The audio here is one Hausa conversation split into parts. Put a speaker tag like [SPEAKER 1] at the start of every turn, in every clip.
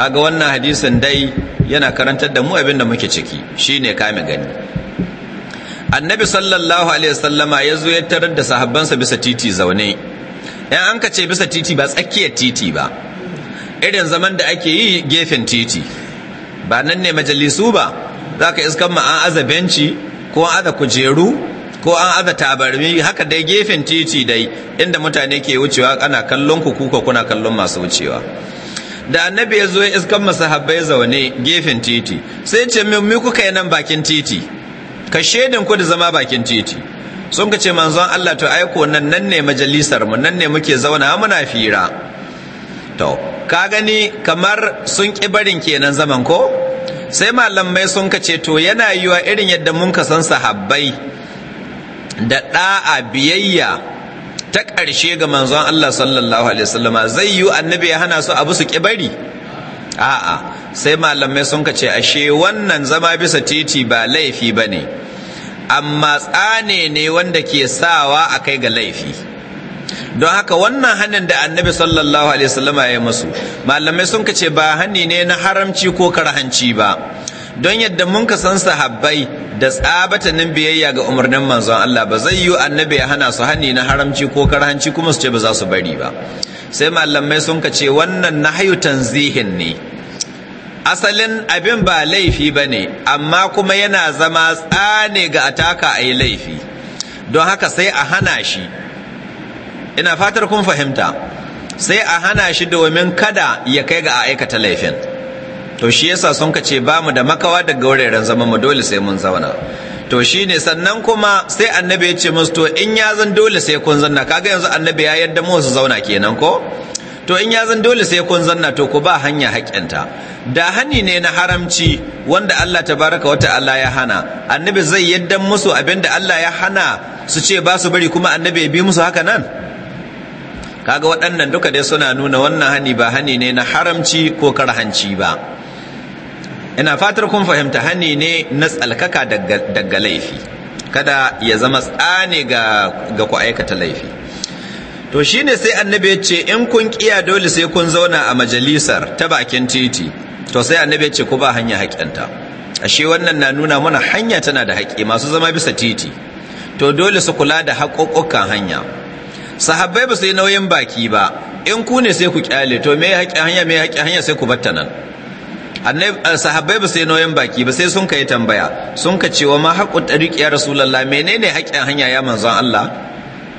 [SPEAKER 1] kaga wannan hadisin dai yana karantar da mu abin da muke ciki shine kame gani annabi sallallahu alaihi wasallama ya zo ya tarar da sahabbansa bisa titi zaune ɗan an ka ce bisa titi ba tsakiyar titi ba irin zaman da ake yi gefen titi ba nan ne majalisu ba za ka iskan ma an aza benci ko an aza kujeru ko an aza tabarmi haka dai gefen titi dai inda mutane ke wucewa ana kallon ku kuka kuna kallon masu wucewa da annabi ya zo ya iskan masahabbai zaune gefen titi sai ce mu kuka yi nan bakin titi ka shedin ku da zama bakin titi sun ka ce manzon Allah to aiko nan nan ne majalisar mu nan ne muke zauna muna fira to ka gani kamar sun ki barin kenan zaman ko sai malamai sun ka ce to yana yiwa irin yadda mun ka san sahabbai da da'a biyayya ta ƙarshe ga manzon Allah sallallahu alaihi wasallama zai yi annabi ya hana su abu su bari? a'a sai malamai sun ka ce ashe wannan zama bisa titi ba laifi ba ne amma tsane ne wanda ke sawa a kai ga laifi don haka wannan hannun da annabi sallallahu alaihi wasallama ya yi musu malamai sun ka ce ba hanni ne na haramci ko karhanci ba don yadda mun ka san sahabbai da tsabatanin biyayya ga umarnin manzon Allah ba zai yi annabi ya hana su hanni na haramci ko karhanci kuma su ce ba za su bari ba sai malamai sun ka ce wannan nahyu tanzihin ne asalin abin ba laifi ba ne amma kuma yana zama tsane ga ataka a yi laifi don haka sai a hana shi ina fatar kun fahimta sai a hana shi domin kada ya kai ga aikata laifin to shi yasa sun ka ce ba mu da makawa daga wuraren zama mu dole sai mun zauna to shi ne sannan kuma sai annabi ya ce musu to in ya zan dole sai kun zanna kaga yanzu annabi ya yadda mu su zauna kenan ko to in ya zan dole sai kun zanna to ku ba hanya haƙƙinta da hani ne na haramci wanda Allah tabaraka wa ta'ala ya hana annabi zai yadda musu abinda Allah ya hana su ce ba su bari kuma annabi ya bi musu haka nan kaga waɗannan duka dai suna nuna wannan hani ba hani ne na haramci ko karhanci ba ina fatar kun fahimta hani ne na tsalkaka daga laifi kada ya zama tsane ga ga ku aikata laifi to shine sai annabi ya ce in kun kiya dole sai kun zauna a majalisar ta bakin titi to sai annabi ya ce ku ba hanya haƙƙinta ashe wannan na nuna mana hanya tana da haƙƙi masu zama bisa titi to dole su kula da haƙoƙokan hanya sahabbai ba su yi nauyin baki ba in ku ne sai ku kyale to me haƙƙin hanya me haƙƙin hanya sai ku batta nan Eh, sahabbai ba sai noyan baki ba sai sun kai tambaya sun ka cewa ma haƙƙun ɗariƙiya rasulallah menene haƙƙin hanya ya manzon Allah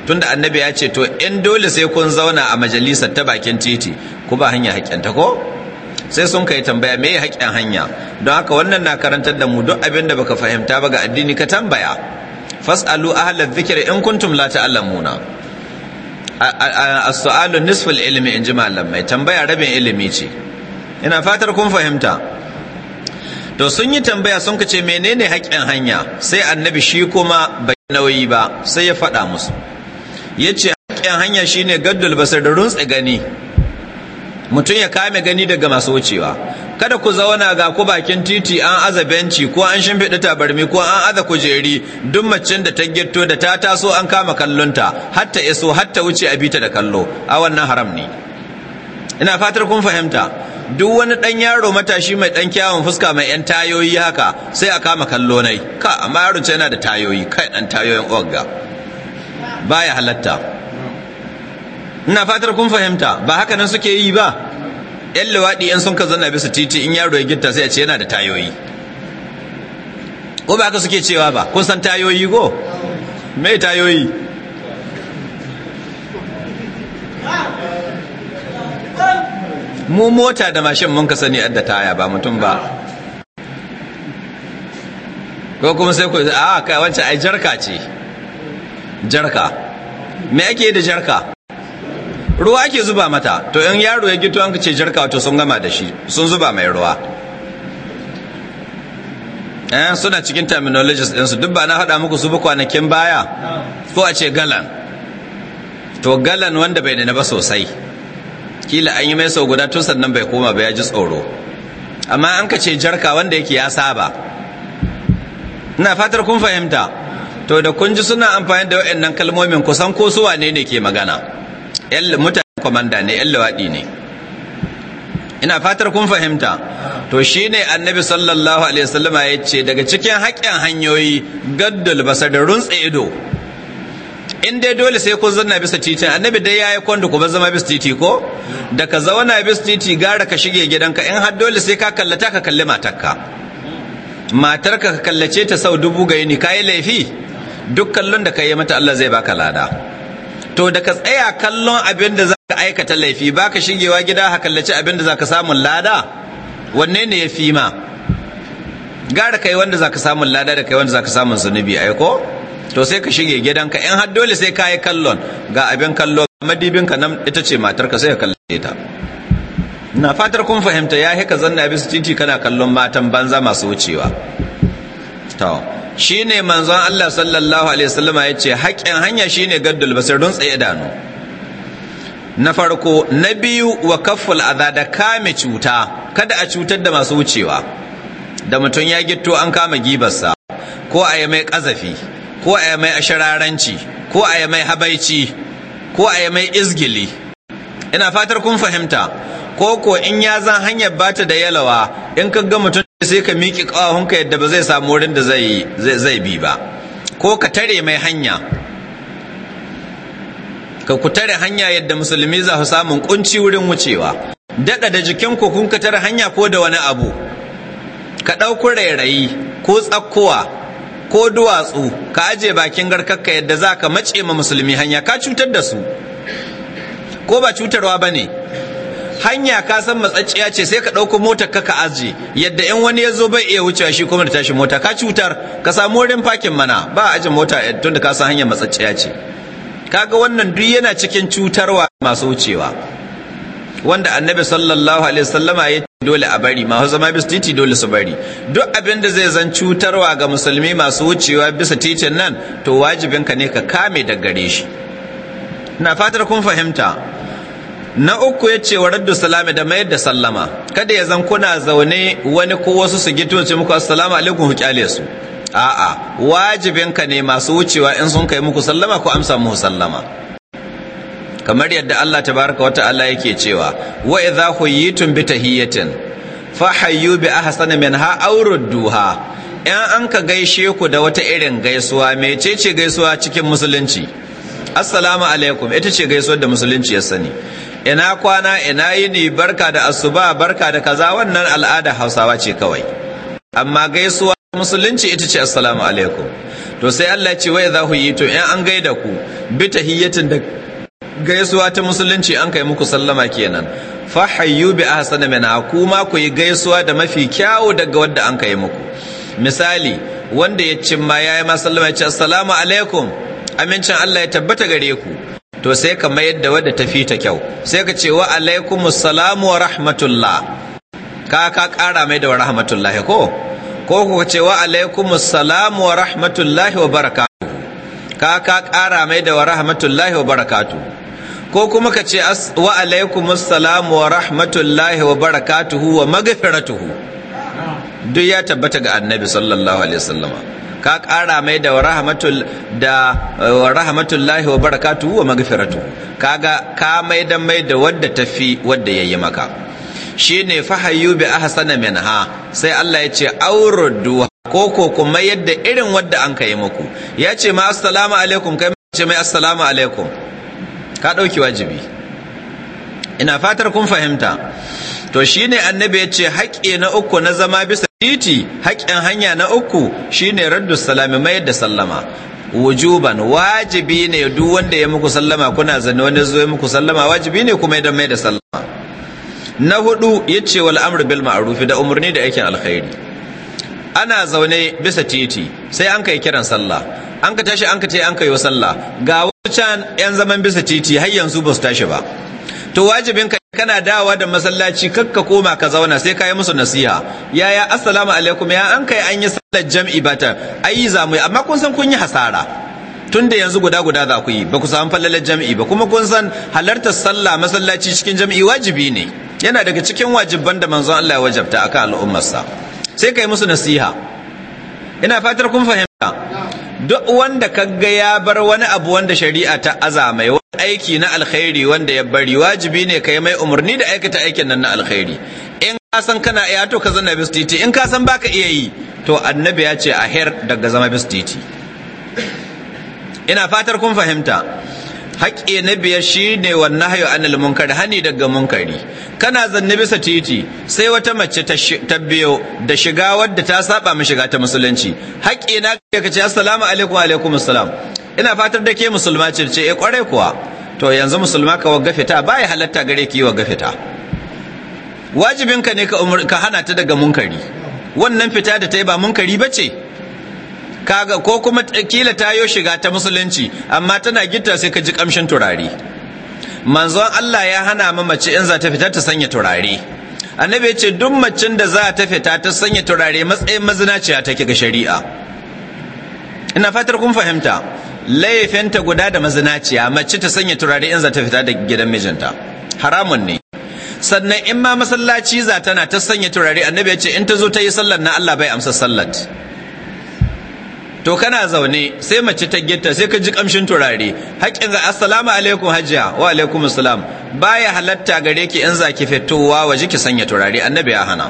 [SPEAKER 1] tunda annabi ya ce to in dole sai kun zauna a majalisar ta bakin titi ku ba hanya haƙƙin ta ko sai sun kai tambaya me haƙƙin hanya don haka wannan na karantar da mu duk abin da baka fahimta ba ga addini ka tambaya fas'alu ahla dhikr in kuntum la ta'lamuna as-su'alu nisful ilmi in ji malamai tambaya rabin ilimi ce ina fatar kun fahimta to sun yi tambaya sun kace menene haƙƙin hanya sai annabi shi kuma bai nauyi ba sai ya faɗa musu ya ce haƙƙin hanya shine gaddul basar da runtse gani mutum ya kame gani daga masu wucewa kada ku zauna ga ku bakin titi an aza benci ko an shimfiɗa tabarmi ko an aza kujeri duk mace da ta gitto da ta taso an kama kallonta hatta iso hatta wuce a bita da kallo a wannan haram ne ina fatar kun fahimta duk wani dan yaro matashi mai dan kyawun fuska mai yan tayoyi haka sai a kama kallo nai ka amma yaron yana da tayoyi kai dan tayoyin ogga baya halatta ina fatar kun fahimta ba haka nan suke yi ba yan luwaɗi yan sun ka zanna bisa titi in yaro ya gitta sai a ce yana da tayoyi ko ba haka suke cewa ba kun san tayoyi ko me tayoyi mu mota da mashin mun ka sani adda taya ba mutum ba ko kuma sai ku a kai wancan ai jarka ce jarka me ake da jarka ruwa ake zuba mata to in yaro ya gito an ka ce jarka to sun gama da shi sun zuba mai ruwa eh suna cikin terminologies su, duk ba na haɗa muku su ba kwanakin baya ko a ce galan to galan wanda bai da na ba sosai kila an yi mai sau guda tun sannan bai koma ba ya ji tsoro amma an ka ce jarka wanda yake ya saba ina fatar kun fahimta to da kun ji suna amfani da waɗannan kalmomin kusan ko su wane ne ke magana mutane kwamanda ne yan lawaɗi ne ina fatar kun fahimta to shi ne annabi sallallahu alaihi wasallam ya ce daga cikin haƙƙin hanyoyi gaddul basa da runtse ido in dai dole sai kun zanna bisa titi annabi dai yayi kwando ku zama bisa titi ko da ka zauna bis titi gara ka shige gidanka in har dole sai ka kallata ka kalli matarka matarka ka kallace ta sau dubu ga yini kayi laifi duk kallon da ka yi mata Allah zai baka lada to da ka tsaya kallon abin da zaka aikata laifi baka shigewa gida ka kallace abin da zaka samu samun lada wanne ne yafi ma gara kai wanda zaka samu samun lada da kai wanda zaka samu samun ai aiko to sai ka shige gidanka in har dole sai ka yi kallon ga abin kallo madibinka nan ita ce matarka sai ka kalle ta na fatar kun fahimta ya haka zanna bisu titi kana kallon matan banza masu wucewa to shine manzon Allah sallallahu alaihi wasallam ya ce hakkin hanya shine gaddul basir don tsaye idanu na farko na biyu wa kaful adha da kame cuta kada a cutar da masu wucewa da mutum ya gitto an kama gibarsa ko a yi mai kazafi ko a mai ashiraranci ko a mai habaici ko a mai izgili ina fatar kun fahimta ko ko in ya zan hanyar bata da yalawa in ka ga mutum sai ka miƙi ƙawahunka yadda ba zai samu wurin da zai bi ba ko ka tare mai hanya ka ku tare hanya yadda musulmi za su samun kunci wurin wucewa Daga da jikin ku kun ka tare hanya ko da wani abu ka ɗauku rairayi ko tsakkowa ko duwatsu ka aje bakin garkakka yadda za ka mace ma musulmi hanya ka cutar da su ko ba cutarwa ba ne hanya ka san matsacciya ce sai ka ɗauko motar ka aje yadda in wani ya zo bai iya wucewa shi kuma da tashi mota ka cutar ka samu wurin fakin mana ba a aje mota eh, tun da ka san hanyar matsacciya ce kaga wannan duk yana cikin cutarwa masu wucewa wanda annabi sallallahu alaihi wasallama ya dole a bari masu zama bisa titi dole su bari duk abin da zai zan cutarwa ga musulmi masu wucewa bisa titin nan to wajibin ka ne ka kame da gare shi na fatar kun fahimta na uku ya ce wa raddu salami da mayar da sallama kada ya zan kuna zaune wani ko wasu su gito ce muku assalamu alaikum ku kyale su a'a wajibin ka ne masu wucewa in sun kai muku sallama ko amsa muku sallama kamar yadda Allah tabaraka wata Allah yake cewa wa idza huyitum bi tahiyatin fa hayyu bi ahsani minha aw rudduha in an ka gaishe ku da wata irin gaisuwa mecece gaisuwa cikin musulunci assalamu alaikum ita ce gaisuwar da musulunci ya sani ina kwana ina yini barka da asuba barka da kaza wannan al'ada hausawa ce kawai amma gaisuwa musulunci ita ce assalamu alaikum to sai Allah ce wa idza ku yi in an gaida ku bi tahiyatin da gaisuwa ta musulunci an kai muku sallama kenan fa hayyu bi ahsana minha kuma ku yi gaisuwa da mafi kyawu daga wanda an kai muku misali wanda ya ma yayi ma sallama ya ce assalamu alaikum amincin Allah ya tabbata gare ku to sai ka mayar da wadda ta fita kyau sai ka ce wa alaikum assalamu wa rahmatullah ka ka kara mai da wa rahmatullah ko ko ku ce wa alaikum assalamu wa rahmatullah wa barakatuh ka ka kara mai da wa rahmatullah wa barakatuh ko kuma ka ce wa alaikum salamu wa rahmatullahi wa barakatuhu wa magfiratuhu duk ya tabbata ga annabi sallallahu alaihi wasallama ka ƙara mai da rahmatul da wa rahmatullahi wa barakatuhu wa magfiratuhu kaga ka mai da mai da wadda tafi wadda yayi maka shine fahayu bi ahsana minha sai Allah ya ce aurudu ko ko kuma yadda irin wadda an kai muku ya ce ma assalamu alaikum kai ce mai assalamu alaikum ka ɗauki wajibi ina fatar kun fahimta to shine annabi ya ce haƙƙe na uku na zama bisa titi haƙƙen hanya na uku shine raddu salami mai da sallama wujuban wajibi ne duk wanda ya muku sallama kuna zane wani zo ya muku sallama wajibi ne kuma ya mai da sallama na hudu yace wal amru bil ma'ruf da umarni da aikin alkhairi ana zaune bisa titi sai an kai kiran sallah an ka tashi an ka ce an ka yi sallah ga can yan zaman bisa titi har yanzu ba su tashi ba to wajibin ka kana dawa da masallaci kakka koma ka zauna sai ka yi musu nasiha yaya assalamu alaikum ya an kai an yi sallar jam'i bata ayi zamu amma kun san kun yi hasara tun da yanzu guda guda za ku yi ba ku samu fallalar jam'i ba kuma kun san halartar sallah masallaci cikin jam'i wajibi ne yana daga cikin wajibban da manzon Allah ya wajabta akan al'ummarsa sai ka yi musu nasiha ina fatar kun fahimta duk wanda kaga ya bar wani abu wanda shari'a ta aza mai wani aiki na alkhairi wanda ya bari wajibi ne ka yi mai umarni da aikata aikin nan na alkhairi in ka san kana iya to ka zanna bistiti in ka san baka iya yi to annabi ya ce a her daga zama bistiti ina fatar kun fahimta haƙƙi na biyar shi ne wannan hayo anil munkari hani daga munkari kana zanne bisa titi sai wata mace ta biyo da shiga wadda ta saba mu shiga ta musulunci haƙƙi na ka kace assalamu alaikum wa alaikum assalam ina fatar da ke musulma ce ce eh kwarai kuwa to yanzu musulma ka wagga fita bai halatta gare ki wagga fita wajibinka ne ka hana ta daga munkari wannan fita da ta yi ba munkari ba ce kaga ko kuma kila yo shiga ta musulunci amma tana gita sai ka ji kamshin turare manzon Allah ya hana ma mace in za ta fita ta sanya turare annabi ya ce duk macin da za ta fita ta sanya turare matsayin mazinaciya take ga shari'a ina fatar kun fahimta laifinta guda da mazinaciya mace ta sanya turare in za ta fita da gidan mijinta haramun ne sannan in ma masallaci za tana ta sanya turare annabi ya ce in ta zo ta yi sallar na Allah bai amsa sallat to kana zaune sai mace ta gitta sai ka ji kamshin turare haƙƙin za assalamu alaikum hajiya wa alaikum assalam baya halatta gare ki in zaki fitowa waje ki sanya turare annabi ya hana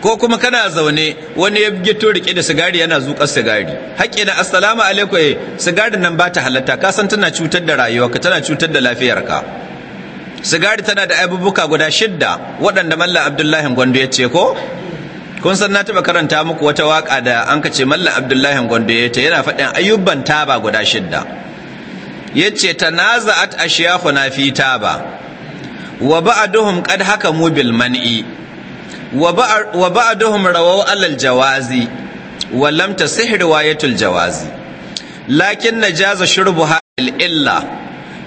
[SPEAKER 1] ko kuma kana zaune wani ya gito rike da sigari yana zuƙar sigari haƙƙi na assalamu alaikum eh sigarin nan ba ta halatta ka san tana cutar da rayuwarka tana cutar da lafiyarka sigari tana da abubuwa guda shidda waɗanda mallam abdullahi gwando ya ce ko kun san na taba karanta muku wata waka da an kace malla abdullahi gondo ta yana faɗin ayyuban taba guda shidda yace tanaza'at na fi taba wa ba'duhum qad hakamu bil man'i wa duhun rawaw alal jawazi wa lam tasih riwayatul jawazi lakin najaza shurbu al illa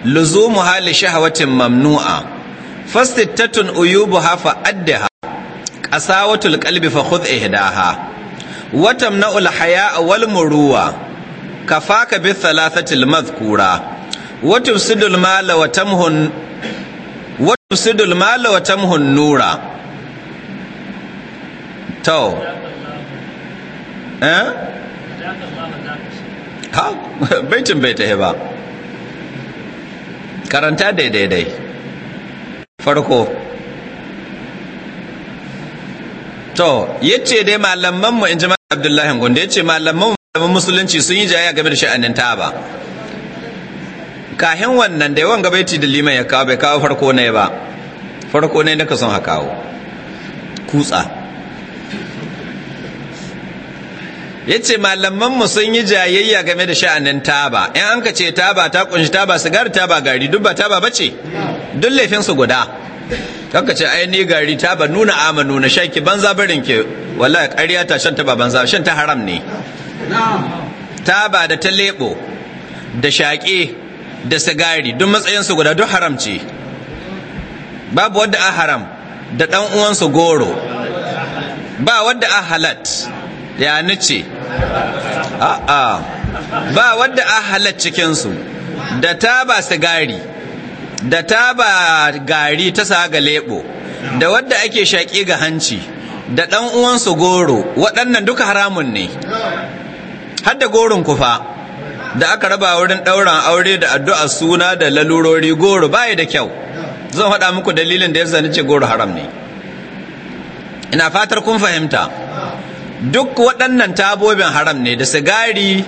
[SPEAKER 1] luzumu hali shahawatin mamnu'a fastitatun uyubu hafa addaha qasawatul qalbi fa khudh ihdaha wa tamna'ul haya'a wal muruwa kafaka bi thalathatil madhkura wa tufsidul mala wa tamhun wa tufsidul mala wa tamhun nura to eh ha baitin ba karanta daidai dai farko to yace dai malaman mu in ji Abdullahi Gondo yace malaman malaman musulunci sun yi jayayya game da sha'anin taba kahin wannan da yawan gabaiti da liman ya kawo bai kawo farko ne ba farko ne naka son hakawo kawo kutsa yace malaman mu sun yi jayayya game da sha'anin taba in an ka ce taba ta kunshi taba sigar taba gari duk ba taba bace duk laifin su guda kanka ce ai ni gari ta ba nuna amanu na shaki banza barin ki wallahi ƙarya ta shan ba banza shan ta haram ne ta ba da ta lebo da shaƙe da sigari duk matsayin su guda duk haram ce babu wadda a haram da ɗan uwansu goro ba wadda a halat ya ce a'a ba wadda a halat cikinsu da ta ba sigari da taba gari ta sa ga lebo da wadda ake shaƙi ga hanci da ɗan uwansu goro waɗannan duka haramun ne har da goron kufa da aka raba wurin ɗauran aure da addu'a suna da lalurori goro baya da kyau zan haɗa muku dalilin da ya zane ce goro haram ne ina fatar kun fahimta duk waɗannan tabobin haram ne da sigari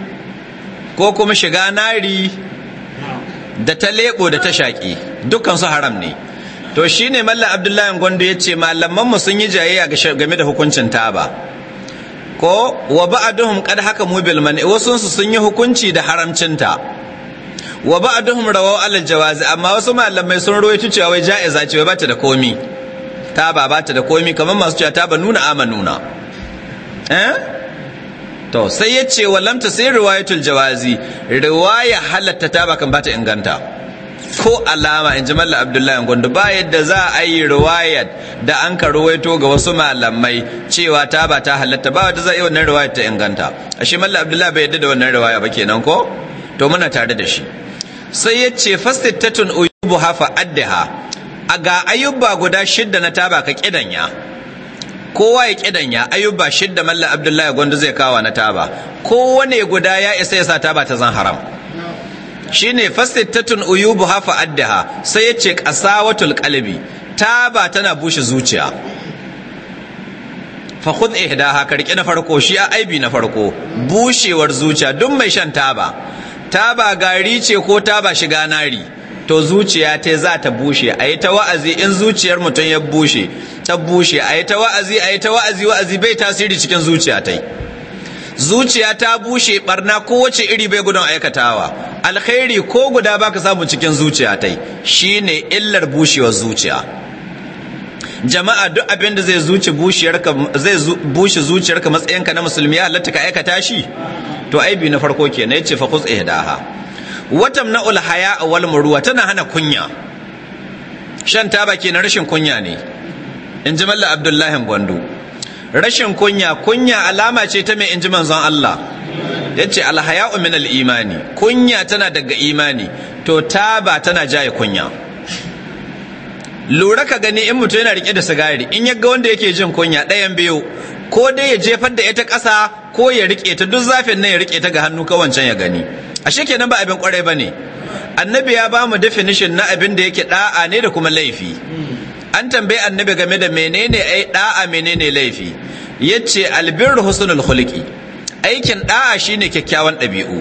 [SPEAKER 1] ko kuma shiga nari da ta lebo da ta shaƙi dukansu haram ne to shine malla abdullahi Gwando ya ce malamanmu sun yi jayayya game da hukuncin taba ko wa duhun qad haka mubil man wasu sun yi hukunci da haramcinta wa duhun rawaw alal jawazi amma wasu malamai sun rawaito cewa wai ja'iza ce wai bata da komi taba bata da komi kamar masu cewa taba nuna ama nuna eh to sai ya ce wallamta sai riwayatul jawazi riwaya halatta ta bakan bata inganta ko alama in ji malla abdullahi gondo ba yadda za a yi riwayat da an ka ruwaito ga wasu malamai cewa ta ba ta halatta ba wata za a yi wannan riwayat ta inganta ashe malla abdullahi bai yadda da wannan riwaya ba kenan ko to muna tare da shi sai ya ce fastitatun uyubu hafa addaha a ga ayyuba guda shidda na taba ka kidanya kowa ya kidanya ayuba, shidda malla abdullahi gwandu zai kawa na taba ne guda ya isa ya sa taba ta zan haram shine fasittatun uyubu hafa addaha sai ya ce qasawatul qalbi taba tana bushe zuciya fa khudh ihdaha karki na farko shi a aibi na farko bushewar zuciya duk mai shan taba taba gari ce ko taba shiga nari to zuciya ta za ta bushe a yi ta wa'azi in zuciyar mutum ya bushe ta bushe a yi ta wa'azi a yi ta wa'azi wa'azi bai tasiri cikin zuciya ta yi zuciya ta bushe barna kowace iri bai gudun aikatawa alkhairi ko guda baka samu cikin zuciya ta yi shine illar bushewar zuciya jama'a duk abin da zai zuci bushiyarka zai bushe zuciyarka matsayinka na musulmi ya halatta ka aikata shi to aibi na farko ke na yace fa khuz ihdaha watam na ulhaya wal murwa tana hana kunya shan taba na rashin kunya ne in ji malla abdullahi gwandu rashin kunya kunya alama ce ta mai in ji manzon Allah ya ce alhaya'u min imani kunya tana daga imani to ta ba tana jaye kunya lura ka gani in mutum yana rike da sigari in ya ga wanda yake jin kunya ɗayan biyu ko dai ya jefar da ita ƙasa ko ya rike ta duk zafin nan ya rike ta ga hannu kawancan ya gani A ashe kenan ba abin kwarai ba ne. annabi ya ba mu definition na abin da yake ɗa'a ne da kuma laifi an tambayi annabi game da menene ai da'a menene laifi yace albirru husnul khuluqi aikin da'a shine kyakkyawan ɗabi'u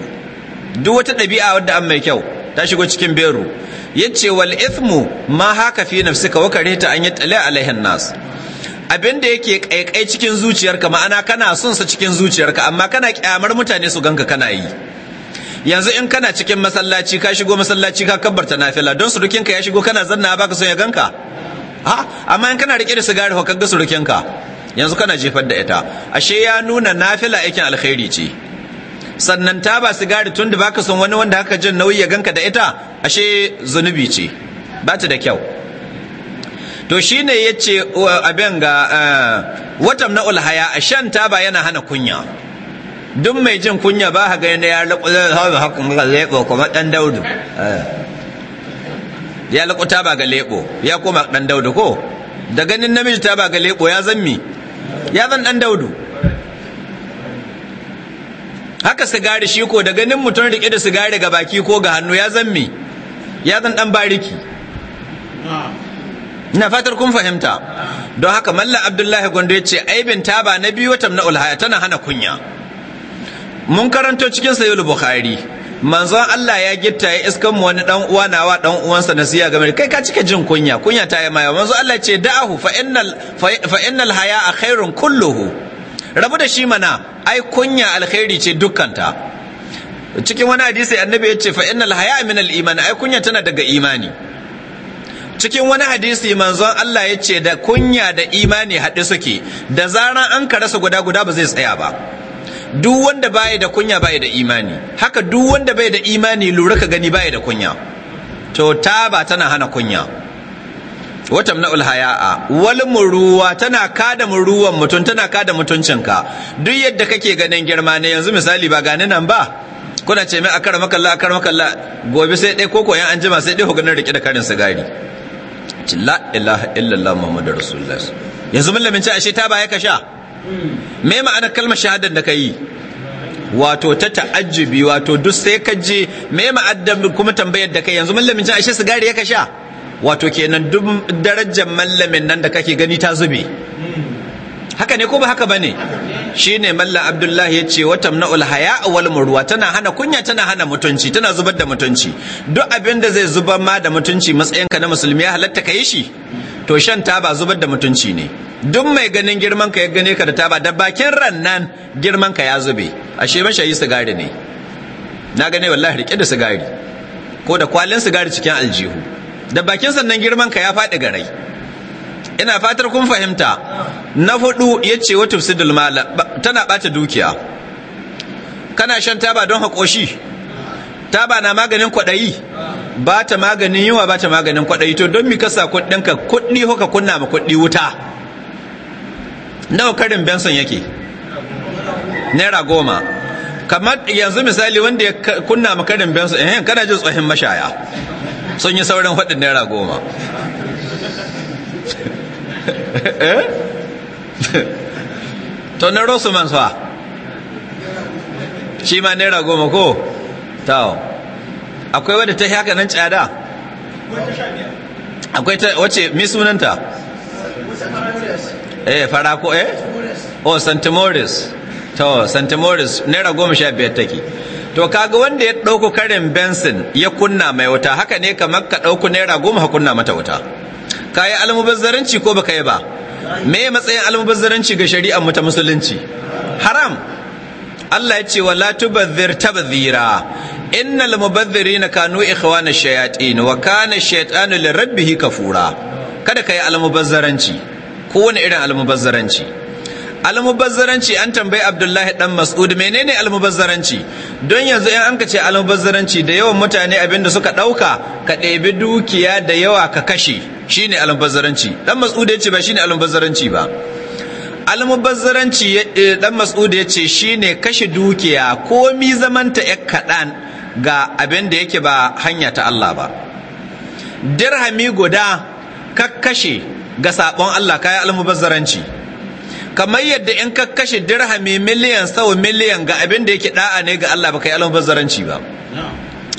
[SPEAKER 1] duk wata ɗabi'a wadda an mai kyau ta shigo cikin beru yace wal ithmu ma haka fi nafsika wa karihta an yatali alaihin nas abin da yake kaikai cikin zuciyarka ma'ana kana son sa cikin zuciyarka amma kana kyamar mutane su ganka kana yi yanzu in kana cikin masallaci ka shigo masallaci ka kabbarta nafila don surukinka ya shigo kana zanna baka son ya ganka amma in kana rike da sigari ho kaga ka yanzu kana jefar da ita ashe ya nuna nafila aikin alkhairi ce sannan ta ba sigari tunda baka son wani wanda haka jin nauyi ya ganka da ita ashe zunubi ce ba ta da kyau to shine yace abin ga eh, watam na ulhaya ashan ta ba yana hana kunya duk mai jin kunya ba ga yana ya haƙun ga zai kuma dan daudu eh. ya lakuta ba ga lebo ya koma dan daudu ko da ganin namiji ta ba ga lebo ya mi? ya zan dan daudu haka sigari shi ko da ganin mutum rike da sigari ga baki ko ga hannu ya mi? ya zan dan bariki ina fatar kun fahimta don haka malla abdullahi gondo ya ce aibin taba na biyu watan na ulhaya tana hana kunya mun karanto cikin sayi bukhari manzon Allah ya gitta ya iskan mu wani dan uwa nawa dan uwansa nasiya game kai ka cika jin kunya kunya ta yi maya manzon Allah ce da'ahu fa innal fa innal khairun kulluhu rabu da shi mana ai kunya alkhairi ce dukkanta cikin wani hadisi annabi ya ce fa innal haya min al iman ai kunya tana daga imani cikin wani hadisi manzon Allah ya ce da kunya da imani haɗe suke da zaran an ka guda guda ba zai tsaya ba duk wanda baya da kunya baya da imani haka duk wanda baya da imani lura ka gani baya da kunya to ta ba tana hana kunya wata na ulhaya'a wal muruwa tana kada muruwan mutum tana kada mutuncinka duk yadda kake ganin girma ne yanzu misali ba gani nan ba kuna ce mai akar makalla akar makalla gobe sai dai koko yan anjima sai dai hoganin rike da karin sigari la ilaha illallah muhammadur rasulullah yanzu mun lamince ashe ta ba ya ka sha me ma'anar kalmar shahadar da ka yi wato ta ta'ajjubi wato duk sai ka je me ma'addar kuma tambayar da kai yanzu mallamin can ashe sigari ya ka sha wato kenan duk darajar mallamin nan da kake gani ta zube haka ne ko ba haka bane shine mallam abdullahi ya ce wata na'ul haya wal murwa tana hana kunya tana hana mutunci tana zubar da mutunci duk abin da zai zubar ma da mutunci matsayinka na musulmi ya halatta ka yi shi to shan taba zubar da mutunci ne duk mai ganin girman ka ya gane ka da taba da bakin rannan girman ka ya zube ashe yi sigari ne na gane wallahi rike da sigari ko da kwalin sigari cikin aljihu da bakin sannan girman ka ya faɗi garai ina fatar kun fahimta na hudu ya ce wa tufsidul mala tana ɓata dukiya kana shan taba don haƙoshi taba na maganin kwaɗayi ba ta maganin yunwa ba ta maganin kwaɗayi to don mi kasa kuɗinka kuɗi hoka kunna ma kuɗi wuta nawa karin benson yake naira goma kamar yanzu misali wanda ya kunna ma karin benson eh kana jin tsohin mashaya sun yi sauran hudin naira goma eh? to na rosu man shi ma naira goma ko tawo akwai wadda ta haka nan tsada akwai ta wace mi sunanta eh farako eh oh St morris to St morris naira goma sha biyar take to kaga wanda ya ɗauko karin benson ya kunna mai wuta haka ne kamar ka ɗauko naira goma ka kunna mata wuta ka yi almubazzaranci ko baka yi ba me matsayin almubazzaranci ga shari'ar mu ta musulunci haram Allah ya ce wala tubadhir tabdhira innal mubadhirina kanu ikhwana shayatin wa kana shaytanu lirabbih kafura kada kai almubazzaranci ko wani irin almubazzaranci almubazzaranci an tambayi abdullahi dan mas'ud menene almubazzaranci don yanzu in an ka ce almubazzaranci da yawan mutane abinda suka dauka ka ɗebi dukiya da yawa ka kashe shine almubazzaranci dan mas'ud ya ce ba shine almubazzaranci ba almubazzaranci eh, dan mas'ud ya ce shine kashe dukiya komi zamanta ya kaɗan ga abin da yake ba hanya ta Allah ba dirhami guda kakkashe ga sabon Allah kayi almubazzaranci kamar yadda in ka kashe dirhami miliyan sau miliyan ga abin da yake ɗa'a ne ga Allah ba kai almubazzaranci ba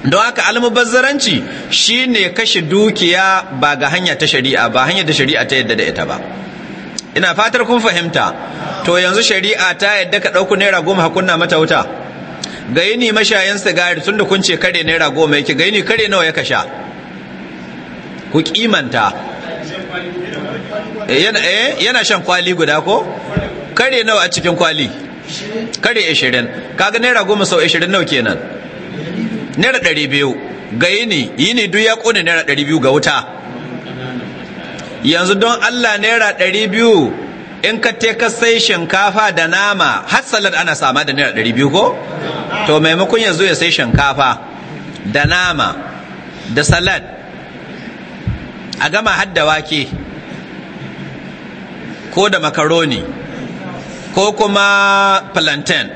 [SPEAKER 1] don haka almubazzaranci shine kashe dukiya ba ga hanya ta shari'a ba hanya da shari'a ta yadda da ita ba ina fatar kun fahimta to yanzu shari'a ta yadda ka ɗauku naira goma hakunna mata wuta gayi ni mashayan sigari tunda kun ce kare naira goma yake gayi ni kare nawa ya kasha ku kimanta eh, eh, yana shan kwali guda ko kare nawa a cikin kwali kare 20 kaga naira goma sau 20 nawa kenan naira 200 gayi ni yi ne duk ya kone naira 200 ga wuta yanzu don Allah naira ɗari biyu in ka te ka sai shinkafa da nama har salat ana sama da naira ɗari biyu ko to maimakon yanzu ya sai shinkafa da nama da salat a gama hadda wake ko da makaroni ko kuma plantain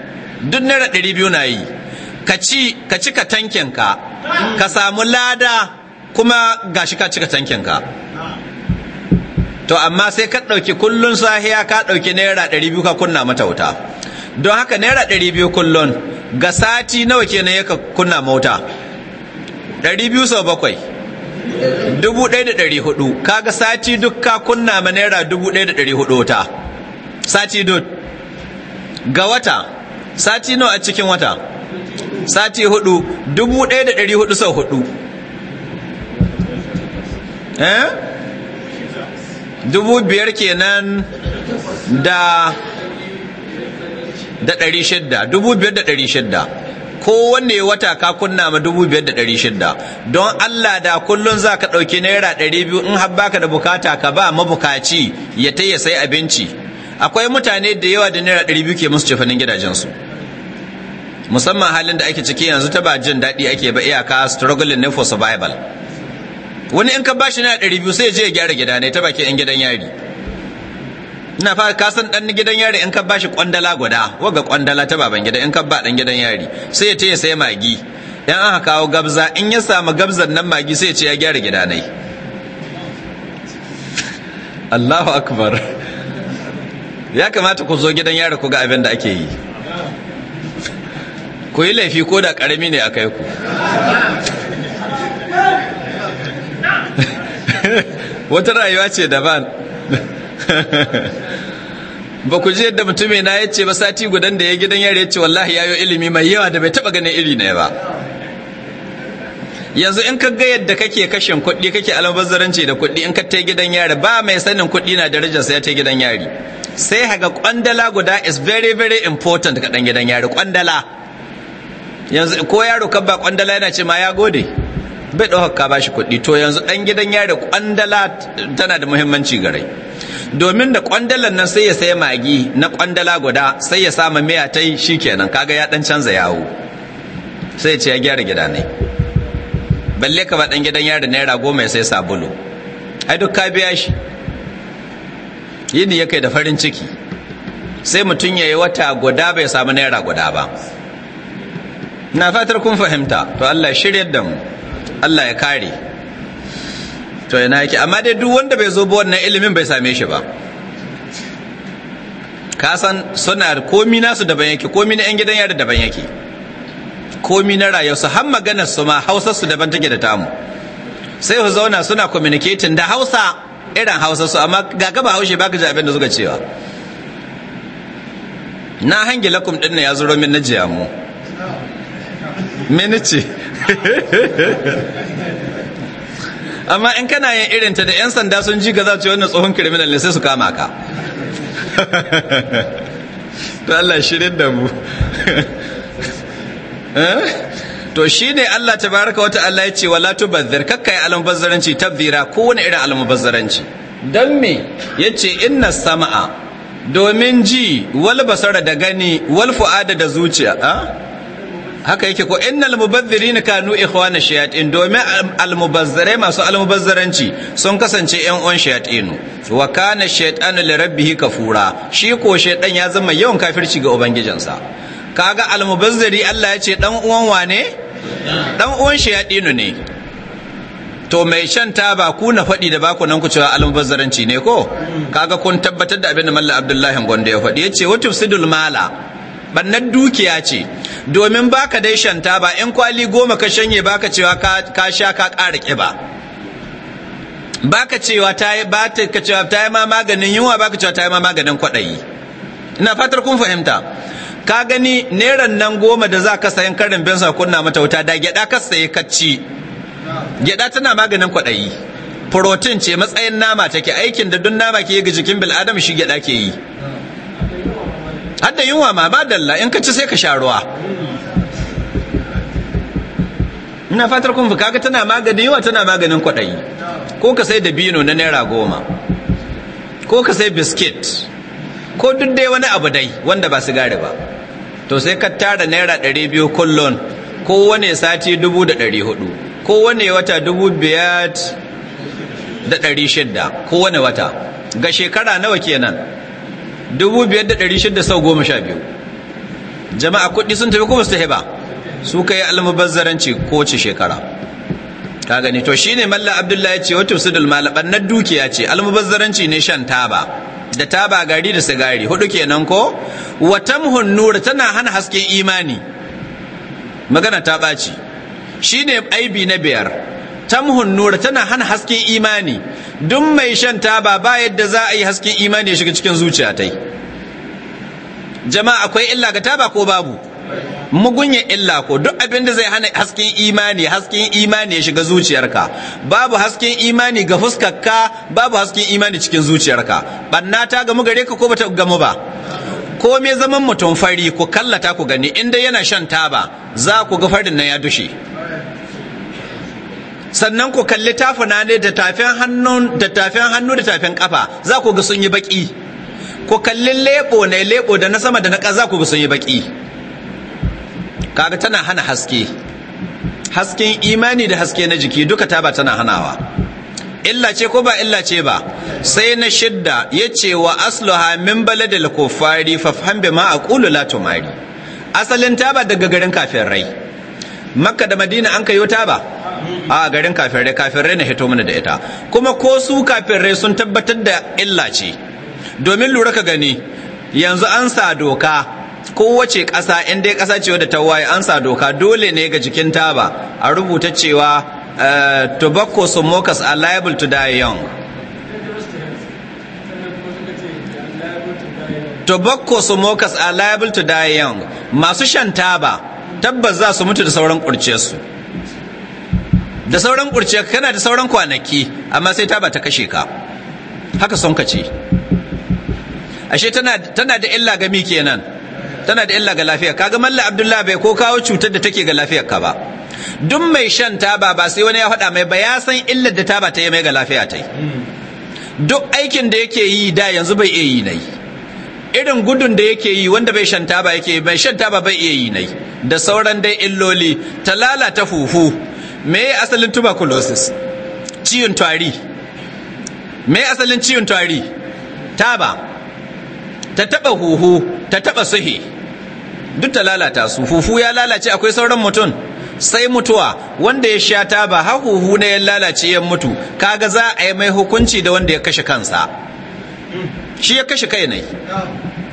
[SPEAKER 1] duk naira ɗari biyu na yi ka ci ka tankinka ka samu lada kuma gashi ka cika tankinka to amma sai ka ɗauki kullun sahiya ka ɗauki naira ɗari biyu ka kunna mata wuta don haka naira ɗari biyu kullun ga sati nawa kenan ya ka kunna mota ɗari biyu sau bakwai dubu ɗaya da ɗari hudu Ka ga sati duk ka kunna ma naira dubu ɗaya da ɗari hudu wuta sati duk ga wata sati nawa a cikin wata sati hudu dubu ɗaya da ɗari hudu sau hudu eh dubu biyar kenan da ɗari shidda dubu biyar da ɗari shidda kowanne wata ka kunna ma dubu biyar da ɗari shidda don allah da kullum za ka ɗauki naira ɗari biyu in har baka da bukata ka ba mabukaci ya ta ya sai abinci akwai mutane da yawa da naira ɗari biyu ke musu cefanin gidajensu musamman halin da ake ciki yanzu ta ba jin daɗi ake ba iyaka struggling ne for survival wani in ka bashi na ɗari biyu sai je ya gyara gida ne ta baki yan gidan yari ina fa ka san dan gidan yari in ka bashi kwandala guda waga kwandala ta baban gida in ka ba dan gidan yari sai ya ce ya sai magi dan aka kawo gabza in ya samu gabzan nan magi sai ya ce ya gyara gida ne Allahu akbar ya kamata ku zo gidan yari ku ga abin da ake yi ku yi laifi ko da karami ne a kai ku wata rayuwa ce daban ba ku je yadda mutumai na ya ce ba sati gudan da ya gidan yare ya ce wallahi ya yi ilimi mai yawa da bai taba ganin iri ne ba yanzu in ka ga yadda kake kashin kuɗi kake almubazzaranci da kuɗi in ka ta gidan yari ba mai sanin kuɗi na darajar sai ta gidan yari sai haga kwandala guda is very very important ka dan gidan yari kwandala yanzu ko yaro kan ba kwandala yana ce ma ya gode bai ɗaukar ka shi kuɗi to yanzu ɗan gidan yari kwandala tana da muhimmanci gare domin da kwandalan nan sai ya saya magi na kwandala guda sai ya sama miya ta yi kenan kaga ya ɗan canza yawo sai ce ya gyara gida ne balle ka ba ɗan gidan yari naira goma ya sai sabulu ai duk ka biya shi yini ya kai da farin ciki sai mutum ya yi wata guda bai samu naira guda ba na fatar kun fahimta to Allah shirya da mu Allah ya kare to yana yake amma dai duk wanda bai zo ba wannan ilimin bai same shi ba ka san suna komi nasu daban yake komi na yan gidan yari daban yake komi na rayuwarsu har maganar su ma hausa su daban take da tamu sai su zauna suna communicating da hausa irin hausa su amma ga gaba haushe baka ji abin da suka cewa na hangi lakum din ya zuro min na jiya mu minici amma in kana yin irinta da 'yan sanda sun ji ga za ce wannan tsohon criminal ne sai su kama ka to Allah shirin da mu eh? to shi ne Allah ta baraka wata Allah ya ce wa latu bazzir kakka yi almubazzaranci tabbira kowane irin almubazzaranci don me ya ce ina sama'a domin ji wal basara da gani wal fu'ada da zuciya ah? haka yake ko innal mubadhirina kanu ikhwana shayatin domin almubazzarai masu almubazzaranci sun kasance yan uwan shayatinu wa kana shaytanu li rabbih kafura shi ko shaytan ya zama yawan kafirci ga ubangijinsa kaga almubazzari Allah ya ce dan uwan wane dan uwan shayatinu ne to mai shan taba ku na faɗi da baku nan ku cewa almubazzaranci ne ko kaga kun tabbatar da abin da Mallam Abdullahi Gondo ya faɗi yace wa tufsidul mala bannan dukiya ce domin baka dai shanta ba in kwali goma ka shanye baka cewa ka sha ka ƙara ƙiba baka cewa ta yi ba cewa ta yi ma maganin yunwa baka cewa ta yi ma maganin kwaɗayi ina fatar kun fahimta ka gani neran nan goma da za ka sayan karin bensa kunna mata wuta da gyaɗa ka saye ka ci gyaɗa tana maganin kwaɗayi protein ce matsayin nama take aikin da dun nama ke yi ga jikin bil'adam shi gyaɗa ke yi har da yunwa ma ba dalla in ka ci sai ka sha ruwa ina fatar kun fi kaga tana magani yunwa tana maganin kwaɗayi ko ka sai dabino na naira goma ko ka sai biskit ko duk dai wani abu dai wanda ba sigari ba to sai ka tara naira ɗari biyu kullum kowane sati dubu da ɗari hudu kowane wata dubu biyar da ɗari shidda kowane wata ga shekara nawa kenan 2,612 jama'a kuɗi sun tafi kuma su tafi ba su kai almubazzaranci kowace shekara ka gani to shine malla abdullahi ce wato sudul malaban na dukiya ce almubazzaranci ne shan taba da taba gari da sigari hudu kenan ko wata muhun nura tana hana hasken imani magana ta ɓaci ne aibi na biyar tamhun nura tana hana hasken imani duk mai shan taba ba yadda za a yi hasken imani ya shiga cikin zuciya ta jama'a akwai illa ga taba ko babu mugunya illa ko duk abin da zai hana hasken imani hasken imani ya shiga zuciyarka babu hasken imani ga fuskarka babu hasken imani cikin zuciyarka banna ta gamu gare ka ko bata gamu ba ko me zaman mutum fari ku kallata ku gani inda yana shan taba za ku ga farin nan ya dushe sannan ku kalli tafuna ne da tafin hannu da tafin hannu da tafin kafa za ku ga sun yi baki ku kalli lebo ne lebo da na sama da na ƙasa za ku ga sun yi baki kaga tana hana haske hasken imani da haske na jiki duka ta ba tana hanawa illa ce ko ba illa ce ba sai na shidda ya ce wa asluha min baladil kufari bi ma aqulu la tumari asalin taba daga garin kafin rai makka da madina an kayo ba a garin kafirai kafirai na hito mana da ita kuma ko su kafirai sun tabbatar da illa ce domin lura ka gani yanzu an sa doka kowace ƙasa in dai ƙasa ce wadda ta waye an sa doka dole ne ga jikin taba a rubuta cewa eh, tobacco smokers are liable to die young tobacco smokers are liable to die young masu shan taba tabbas za su mutu da sauran ƙurciyarsu da sauran kurce kana da sauran kwanaki amma sai ta ba ta kashe ka haka son ka ce ashe tana tana da illa ga mi kenan tana da illa ga lafiya kaga malla abdullahi bai ko kawo cutar da take ga lafiyar ka ba duk mai shan taba ba sai wani ya faɗa mai ba ya san illar da taba ta yi mai ga lafiya ta yi duk aikin da yake yi da yanzu bai iya yi nai irin gudun da yake yi wanda bai shan taba yake yi bai shan taba bai iya yi nai da sauran dai illoli ta lalata fufu me asalin tuberculosis ciwon tari me asalin ciwon tari taba ta taba huhu ta taba suhe duk ta lalata su huhu ya lalace akwai sauran mutum sai mutuwa wanda ya sha taba har huhu na ya lalace ya mutu kaga za a yi mai hukunci da wanda ya kashe kansa shi ya kashe kai ne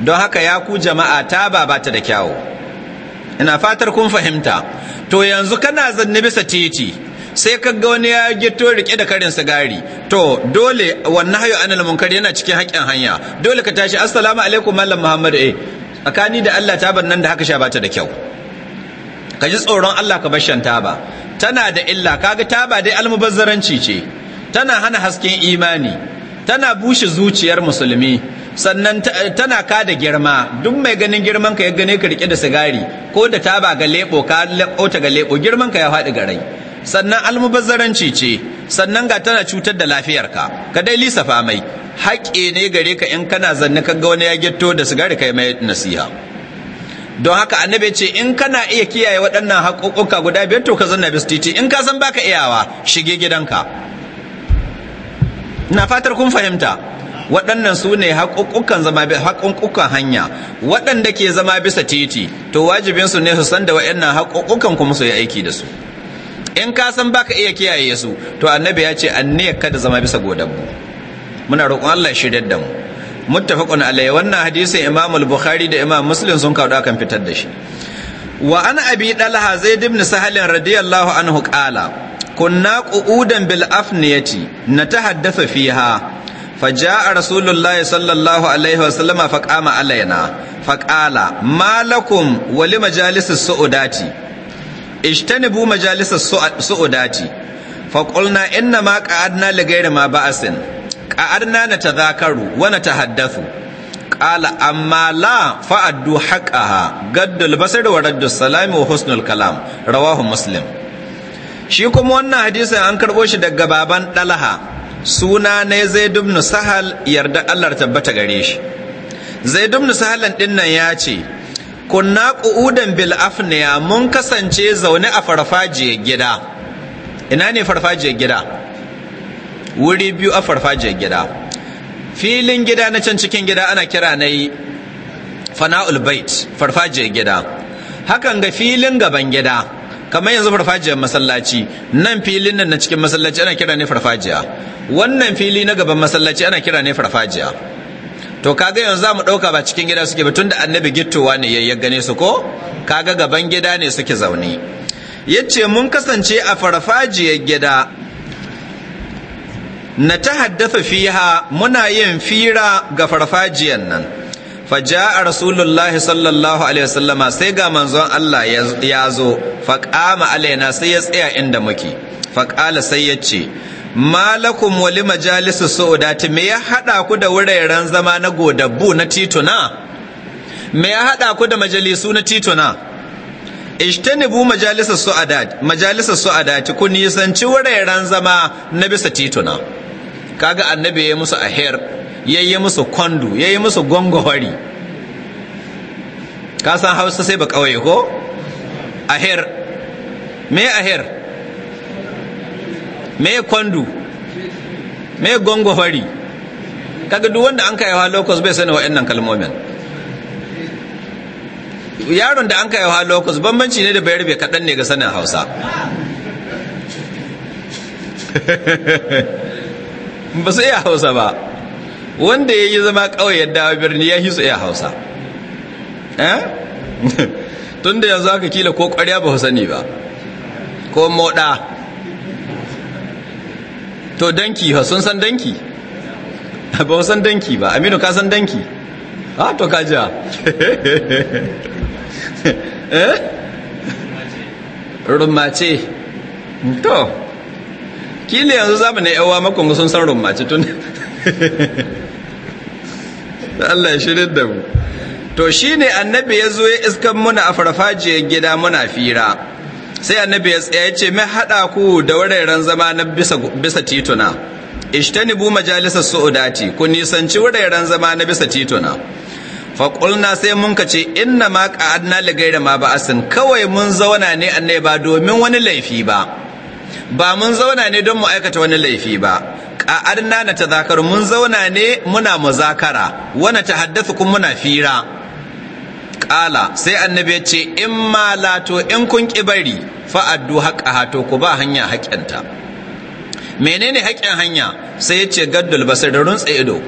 [SPEAKER 1] don haka ya ku jama'a taba ba ta da kyawu ina fatar kun fahimta to yanzu kana zanne bisa titi sai ka ga wani ya gito rike da karin sigari to dole wannan hayo anil munkari yana cikin haƙƙin hanya dole ka tashi assalamu alaikum mallam muhammad eh tsakani da Allah ta nan da haka sha bata da kyau ka ji tsoron Allah ka bar shan taba tana da illa kaga taba dai almubazzaranci ce tana hana hasken imani tana bushe zuciyar musulmi sannan tana ka da girma duk mai ganin girman ka ya gane ka rike da sigari ko da taba ga lebo ka lebo ta ga lebo girman ka ya faɗi garai sannan almubazzaranci ce sannan ga tana cutar da lafiyarka ka dai lisafa mai haƙe ne gare ka in kana zanne ka ga wani ya getto da sigari kai mai nasiha don haka annabi ce in kana iya kiyaye waɗannan haƙoƙoka guda biyar to ka zanna bis titi in ka san baka iyawa shige gidanka na fatar kun fahimta waɗannan su ne haƙuƙuƙan zama hanya waɗanda ke zama bisa titi to wajibinsu ne su san da waɗannan haƙuƙuƙan kuma su yi aiki da su in ka san baka iya kiyaye su to annabi ya ce anniyar kada zama bisa godabbu muna roƙon Allah shirya da mu muttafaqun alayhi wannan hadisin Imam al-Bukhari da Imam Muslim sun kawo akan fitar da shi wa an abi dalha zaid ibn sahal radiyallahu anhu qala kunna qu'udan bil afniyati natahaddathu fiha فجاء رسول الله صلى الله عليه وسلم فقام علينا فقال ما لكم ولمجالس السؤدات اجتنبوا مجالس السؤدات فقلنا إنما قعدنا لغير ما بأس قعدنا نتذاكر ونتحدث قال أما لا فأدوا حقها قد البصر ورد السلام وحسن الكلام رواه مسلم shi kuma wannan hadisin an karɓo shi daga baban ɗalaha suna na zai ibn sahal yarda Allah tabbata gare shi Zai ibn sahal din nan ya ce kunna qu'udan bil afniya mun kasance zaune a farfajiyar gida ina ne farfajiyar gida wuri biyu a farfajiyar gida filin gida na can cikin gida ana kira na yi fana'ul bait farfajiyar gida hakan ga filin gaban gida kamar yanzu farfajiyar masallaci nan filin nan na cikin masallaci ana kira ne farfajiya wannan fili na gaban masallaci ana kira ne farfajiya to kaga yanzu mu dauka ba cikin gida suke ba da annabi gittowa ne yayya gane su ko kaga gaban gida ne suke zaune yace mun kasance a farfajiyar gida na ta tahaddatha fiha muna yin fira ga farfajiyar nan faja'a rasulullahi sallallahu alaihi wasallama sai ga manzon Allah ya zo faqama alaina sai ya tsaya inda muke faqala sai ya ce malakum wali majalisu su'udati me ya hada ku da wuraren zama na godabbu na tituna me ya hada ku da majalisu na tituna ishtanibu majalisu su'adat majalisu su'adati ku nisanci wuraren zama na bisa tituna kaga annabi ya musu ahir yayi musu kwandu yayi musu gwangwari ka san hausa sai ba kawai ko aher me aher me kwandu me gwangwari kaga duk wanda an kayawa wa locus bai sani wa'annan kalmomin yaron da an kayawa wa locus bambanci ne da bayar bai kaɗan ne ga sanin hausa ba su iya hausa ba wanda ya yi zama kawai ya dawo birni ya hisu iya hausa eh? tun da yanzu haka kila ko kwarya ba sani ba ko moda to danki ha sun san danki ba san danki ba aminu ka san danki ha ah, to ka ja eh? rummace to kila yanzu zamanin yawa makon sun san rummace tun Allah ya shirin da mu to shi ne annabi ya zo ya iskan muna a farfajiyar gida muna fira sai annabi ya tsaya ce mai haɗa ku da wuraren zama na bisa tituna ishtanibu majalisa su'udati ku nisanci wuraren zama na bisa tituna faƙulna sai mun ka ce inna ma ƙa'adna ligaira ma ba'asin kawai mun zauna ne annai ba domin wani laifi ba ba mun zauna ne don mu aikata wani laifi ba a arna na tazakaru mun zauna ne muna muzakara wana ta haddasa kuma muna fira ƙala sai annabi ya ce in ma in kun bari Addu haƙa hato ku ba hanya haƙƙinta menene haƙƙin hanya sai ya ce gaddul basir da runtse ido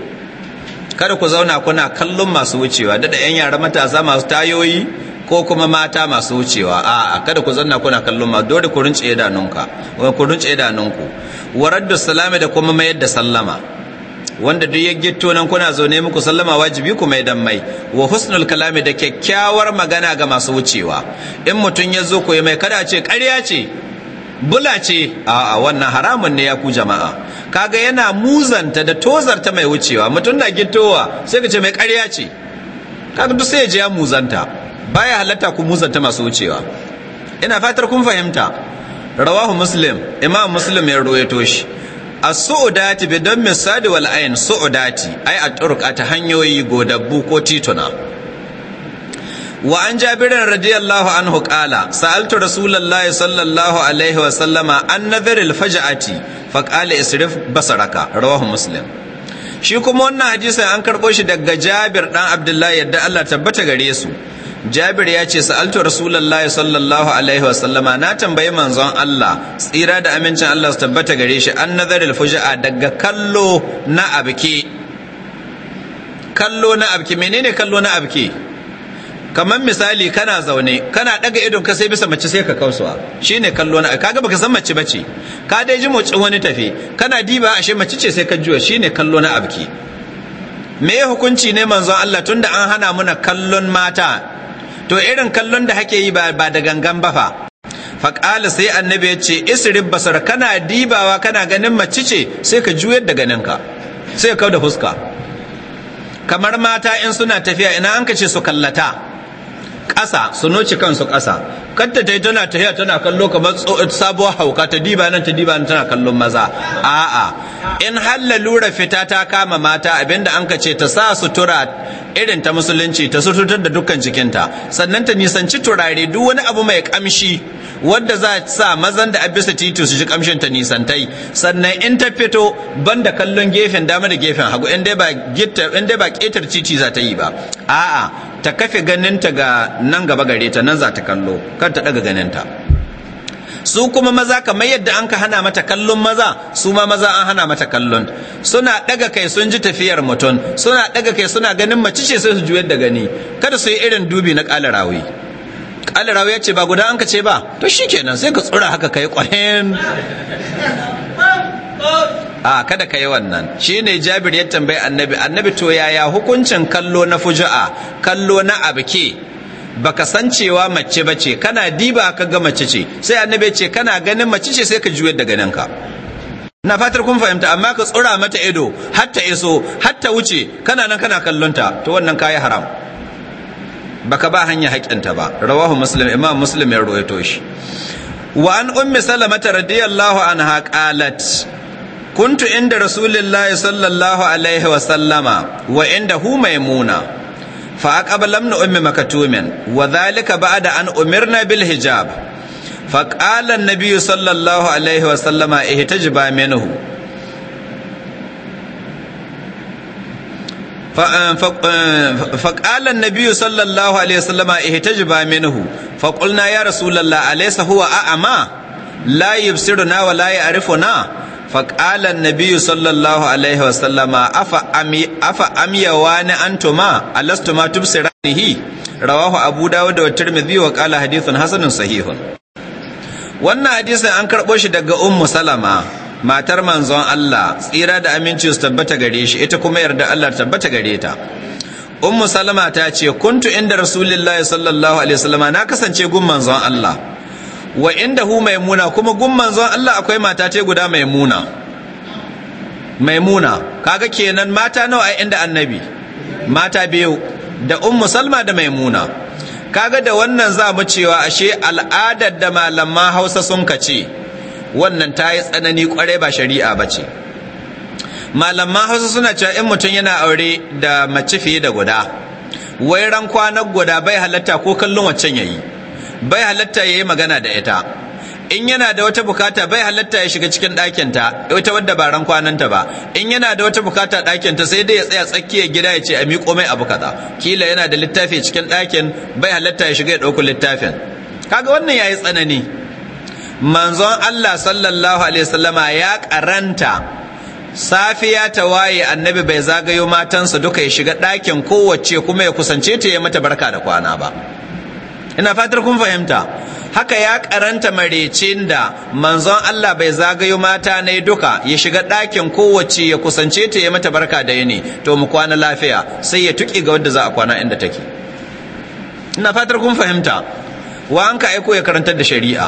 [SPEAKER 1] kada ku zauna kuna kallon masu wucewa da 'yan yara matasa masu tayoyi ko kuma mata masu wucewa a kada ku zanna kuna kallon ma dole ku rince nunka wa ku rince nunku waraddu salama da kuma mayar da sallama wanda duk ya gitto nan kuna zaune muku sallama wajibi ku mai dan mai wa husnul kalami da kyakkyawar magana ga masu wucewa in mutum ya zo ku yi mai kada ce ƙarya ce bula ce a'a wannan haramun ne ya ku jama'a kaga yana muzanta da tozarta mai wucewa mutum na gittowa sai ka ce mai ƙarya ce kaga duk sai ya je ya muzanta baya halatta ku musanta masu wucewa ina fatar kun fahimta rawahu muslim imam muslim ya ruwaito shi as-su'udati bi dammi sadi wal ayn su'udati ay at-turq ta hanyoyi godabbu ko tituna wa an jabirin radiyallahu anhu qala sa'altu rasulullahi sallallahu alaihi wa sallama an nadhir al-faj'ati fa qala isrif basaraka rawahu muslim shi kuma wannan hadisin an karbo shi daga Jabir dan Abdullahi yadda Allah tabbata gare su jabir ya ce sa'altu rasulullahi sallallahu alaihi wasallama na tambayi manzon Allah tsira da amincin Allah su tabbata gare shi an nazaril fuja'a daga kallo na abki kallo na abki menene kallo na abki kamar misali kana zaune kana daga idon ka sai bisa mace sai ka kausuwa shine kallo na kaga baka san mace bace ka dai ji motsin wani tafi kana diba ashe mace ce sai ka juya shine kallo na abki me hukunci ne manzon Allah tunda an hana muna kallon mata to irin kallon da hake yi ba da gangan ba fa faƙala sai annabi ya ce isrib basar kana dibawa kana ganin mace ce sai ka juyar da ganinka sai ka da fuska kamar mata in suna tafiya ina an ka ce su kallata ƙasa su noci kansu ƙasa kanta ta yi tana tahiya tana kallo kamar sabuwar hauka ta diba nan ta diba nan tana kallon maza a'a in lura fita ta kama mata abinda an ka ce ta sa sutura irin ta musulunci ta sututar da dukkan jikinta sannan ta nisanci turare duk wani abu mai kamshi wanda za ta sa mazan da abisa titi su ji kamshin ta nisantai sannan in ta fito banda kallon gefen dama da gefen hagu in dai ba in ketar titi za ta yi ba a'a ta kafe ganinta ga nan gaba gare ta nan za ta kallo kar ta daga ganinta su kuma maza kamar yadda an ka hana mata kallon maza su ma maza an hana mata kallon suna daga kai sun ji tafiyar mutum suna daga kai suna ganin mace ce sai su juyar da gani kada su yi irin dubi na kalarawi kalarawi yace ba guda an ka ce ba to shikenan sai ka tsura haka kai kwahin a kada ka yi wannan Shi ne jabir ya tambayi annabi annabi to yaya hukuncin kallo na fuja'a kallo na abke baka san cewa mace bace kana diba ka ga mace ce sai annabi ce kana ganin mace ce sai ka juye da ganin ka na fatar kun fahimta amma ka tsura mata ido hatta iso hatta wuce kana nan kana kallonta to wannan kayi haram baka ba hanya haƙƙinta ba rawahu muslim imam muslim ya ruwaito shi wa an ummi salamata radiyallahu anha qalat kuntu inda rasulillahi sallallahu alaihi wa sallama wa inda hu maimuna fa aqbalamna ummi makatumin wa dhalika ba'da an umirna bil hijab fa na an-nabi sallallahu alaihi wa sallama فقال النبي صلى الله عليه وسلم اهتجب منه فقلنا يا رسول الله أليس هو أعمى لا يبصرنا ولا يعرفنا فقال النبي صلى الله عليه وسلم أفا أمي أفا أمي وانا أنتما ألستما تبصرانه رواه turmi داود والترمذي وقال حديث حسن صحيح wannan hadisin an karɓo shi daga ummu salama matar manzon Allah tsira da aminci su tabbata gare shi ita kuma yarda Allah tabbata gare ta ummu salama ta ce kuntu inda rasulullahi sallallahu alaihi na kasance gun manzon Allah wa hu maimuna kuma gun manzon Allah akwai mata ce guda maimuna maimuna kaga kenan mata nawa a inda annabi mata biyu da ummu salma da maimuna kaga da wannan za mu cewa ashe al'adar da malaman hausa sun kace wannan ta yi tsanani kwarai ba shari'a ba ce malaman hausa suna cewa in mutum yana aure da mace fiye da guda wai ran kwanan guda bai halatta ko kallon waccan yayi bai halatta ya yi magana da ita in yana da wata bukata bai halatta ya shiga cikin ɗakinta ita wadda ba ran kwananta ba in yana da wata bukata ɗakinta sai dai ya tsaya tsakiyar gida ya ce a miƙo mai abu kaza kila yana da littafi cikin ɗakin bai halatta ya shiga ya ɗauki littafin kaga wannan ya yi tsanani manzon Allah sallallahu alaihi wasallama ya karanta safiya ta waye annabi bai zagayo matansa duka ya shiga ɗakin kowace kuma ya kusance ta ya mata barka da kwana ba ina fatar kun fahimta haka ya karanta marecin da manzon Allah bai zagayo mata ne duka ya shiga ɗakin kowace ya kusance ta ya mata barka da yini to mu kwana lafiya sai ya tuki ga wanda za a kwana inda take ina fatar kun fahimta wa an ka aiko ya karantar da shari'a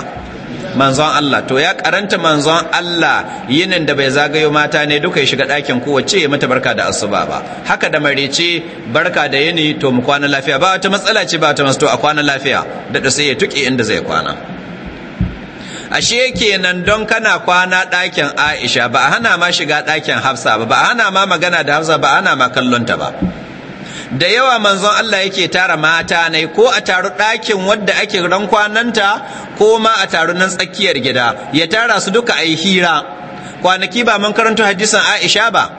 [SPEAKER 1] manzon Allah to ya karanta manzon Allah yinin da bai zagayo mata ne duka ya shiga ɗakin ce ya mata barka da asuba ba haka da marece barka da yini to mu kwana lafiya ba wata matsala ce ba wata to a kwana lafiya da sai ya tuki inda zai kwana ashe kenan don kana kwana ɗakin Aisha ba a hana ma shiga ɗakin Hafsa ba ba a hana ma magana da Hafsa ba a hana ma kallonta ba da yawa manzon Allah yake tara mata ne ko a taru ɗakin wadda ake ran kwananta ko ma a taru nan tsakiyar gida ya tara su duka a yi hira kwanaki ba mun karanto hadisin Aisha ba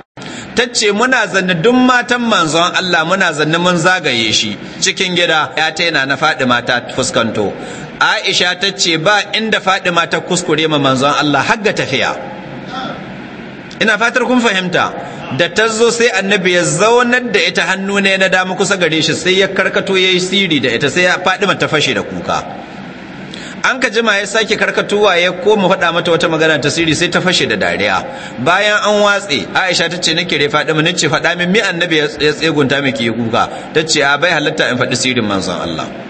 [SPEAKER 1] ta ce muna zanne duk matan manzon Allah muna zanne mun zagaye shi cikin gida ya ta yana na faɗi mata fuskanto Aisha ta ce ba inda faɗi mata kuskure ma manzon Allah har ga tafiya ina fatar kun fahimta da ta zo sai annabi ya zaunar da ita hannu ne na dama kusa gare shi sai ya karkato ya yi siri da ita sai ya faɗi ta fashe da kuka an ka jima ya sake karkatuwa ya koma faɗa mata wata magana ta siri sai ta fashe da dariya bayan an watse aisha ta ce nake re faɗi mun ce faɗa min mi annabi ya tsegunta miki kuka ta ce a bai halatta in faɗi sirrin manzon Allah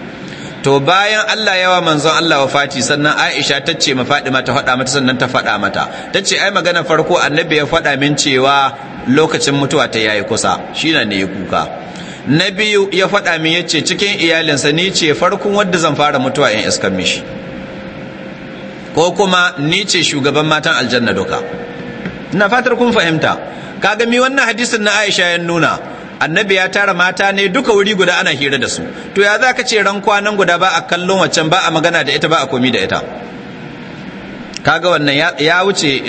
[SPEAKER 1] to bayan Allah yawa manzon Allah wafati sannan Aisha ta ce ma Fadima ta faɗa mata sannan ta faɗa mata ta ce ai magana farko annabi ya faɗa min cewa lokacin mutuwa ta yayi kusa shine ne ya kuka na ya faɗa min ya ce cikin iyalinsa ni ce farkon wadda zan fara mutuwa in iskan mishi ko kuma ni ce shugaban matan aljanna duka ina fatar kun fahimta kaga mi wannan hadisin na Aisha ya nuna annabi ya tara mata ne duka wuri guda ana hira da su to ya za ka ce ran kwanan guda ba a kallon waccan ba a magana da ita ba a komi da ita kaga wannan ya wuce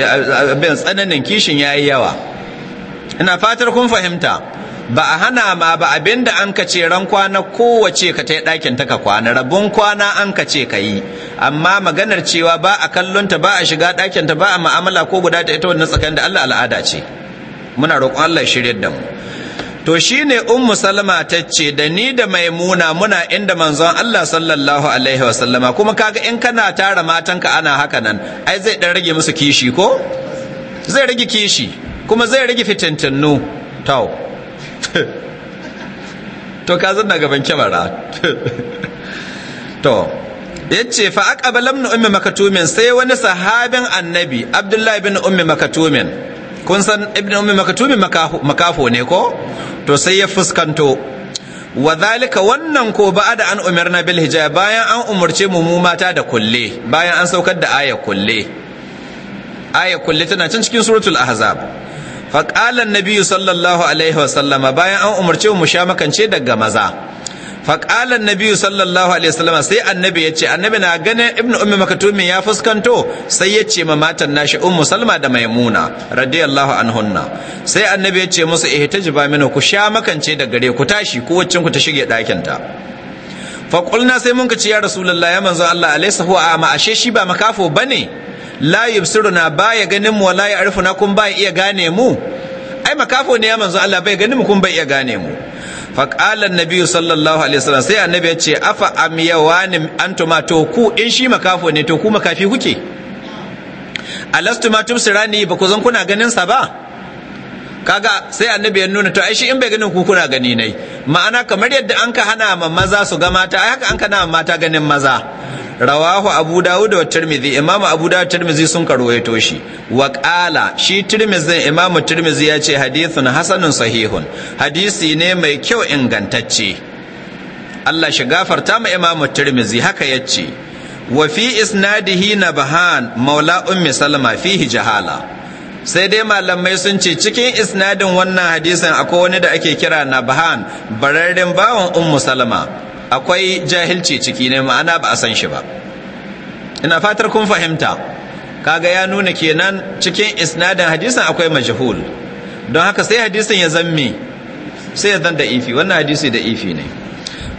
[SPEAKER 1] bin tsananin kishin ya yi yawa ina fatar kun fahimta ba a hana ma ba abin da an kace ran kwana kowace ka ta yi ɗakin ta ka kwana rabon kwana an ka ce ka yi amma maganar cewa ba a kallonta ba a shiga ɗakin ta ba a ma'amala ko guda ta ita wannan tsakanin da Allah al'ada ce muna roƙon Allah shirye da mu to shine ummu salama ta ce da ni da maimuna muna inda manzon Allah sallallahu alaihi wasallama kuma kaga in kana tara matanka ana haka nan ai zai dan rage musu kishi ko zai rage kishi kuma zai rage fitintinnu tau to ka zanna gaban kyamara to ya ce fa aqbala ibn ummi makatumin sai wani sahabin annabi abdullahi bin ummi makatumin kun san ibn ummi makatumi makafo ne ko to sai ya fuskanto wa zalika wannan ko ba'ada an umarna bil hijab bayan an umurce mu mu mata da kulle bayan an saukar da aya kulle aya kulle tana can cikin suratul ahzab fa qala an-nabi sallallahu alaihi wa sallama bayan an umurce mu sha makance daga maza faƙala annabi sallallahu alaihi wasallam sai annabi ya ce annabi na ganin ibnu ummi Makatumi ya fuskanto sai ya ce ma matan nashi ummu salma da maimuna radiyallahu anhunna sai annabi ya ce musu jiba mini ku sha makance da gare ku tashi ku waccin ku ta shige ɗakin ta faƙulna sai mun ka ya rasulullahi ya manzo Allah alaihi a amma ashe shi ba makafo bane la yubsiruna baya ganin mu wala ya arfuna kun ba iya gane mu ai makafo ne ya manzo Allah bai ganin mu kun bai iya gane mu faƙalan nabi sallallahu alaihi wasallam sai annabi ya ce afa am yawani antuma to ku in shi makafo ne to ku makafi kuke alastu ma tumsirani ba ku zan kuna ganin sa ba kaga sai annabi ya nuna to ai shi in bai ganin ku kuna gani nai ma'ana kamar yadda an ka hana ma maza su ga mata ai haka an ka mata ganin maza rawahu abu dawud wa tirmidhi imamu abu dawud tirmidhi sun karwaito shi wa qala shi tirmidhi imamu tirmidhi ya ce hadithun hasanun sahihun hadisi ne mai kyau ingantacce Allah shi gafarta ma imamu tirmidhi haka yace wa fi isnadihi bahan maula ummi salama fihi jahala sai dai malamai sun ce cikin isnadin wannan hadisin akwai wani da ake kira nabhan bararren bawan ummu salma akwai jahilci ciki ne ma'ana ba a san shi ba ina fatar kun fahimta kaga ya nuna kenan cikin isnadin hadisin akwai majhul don haka sai hadisin ya zamme sai ya zan da ifi wannan hadisi da ifi ne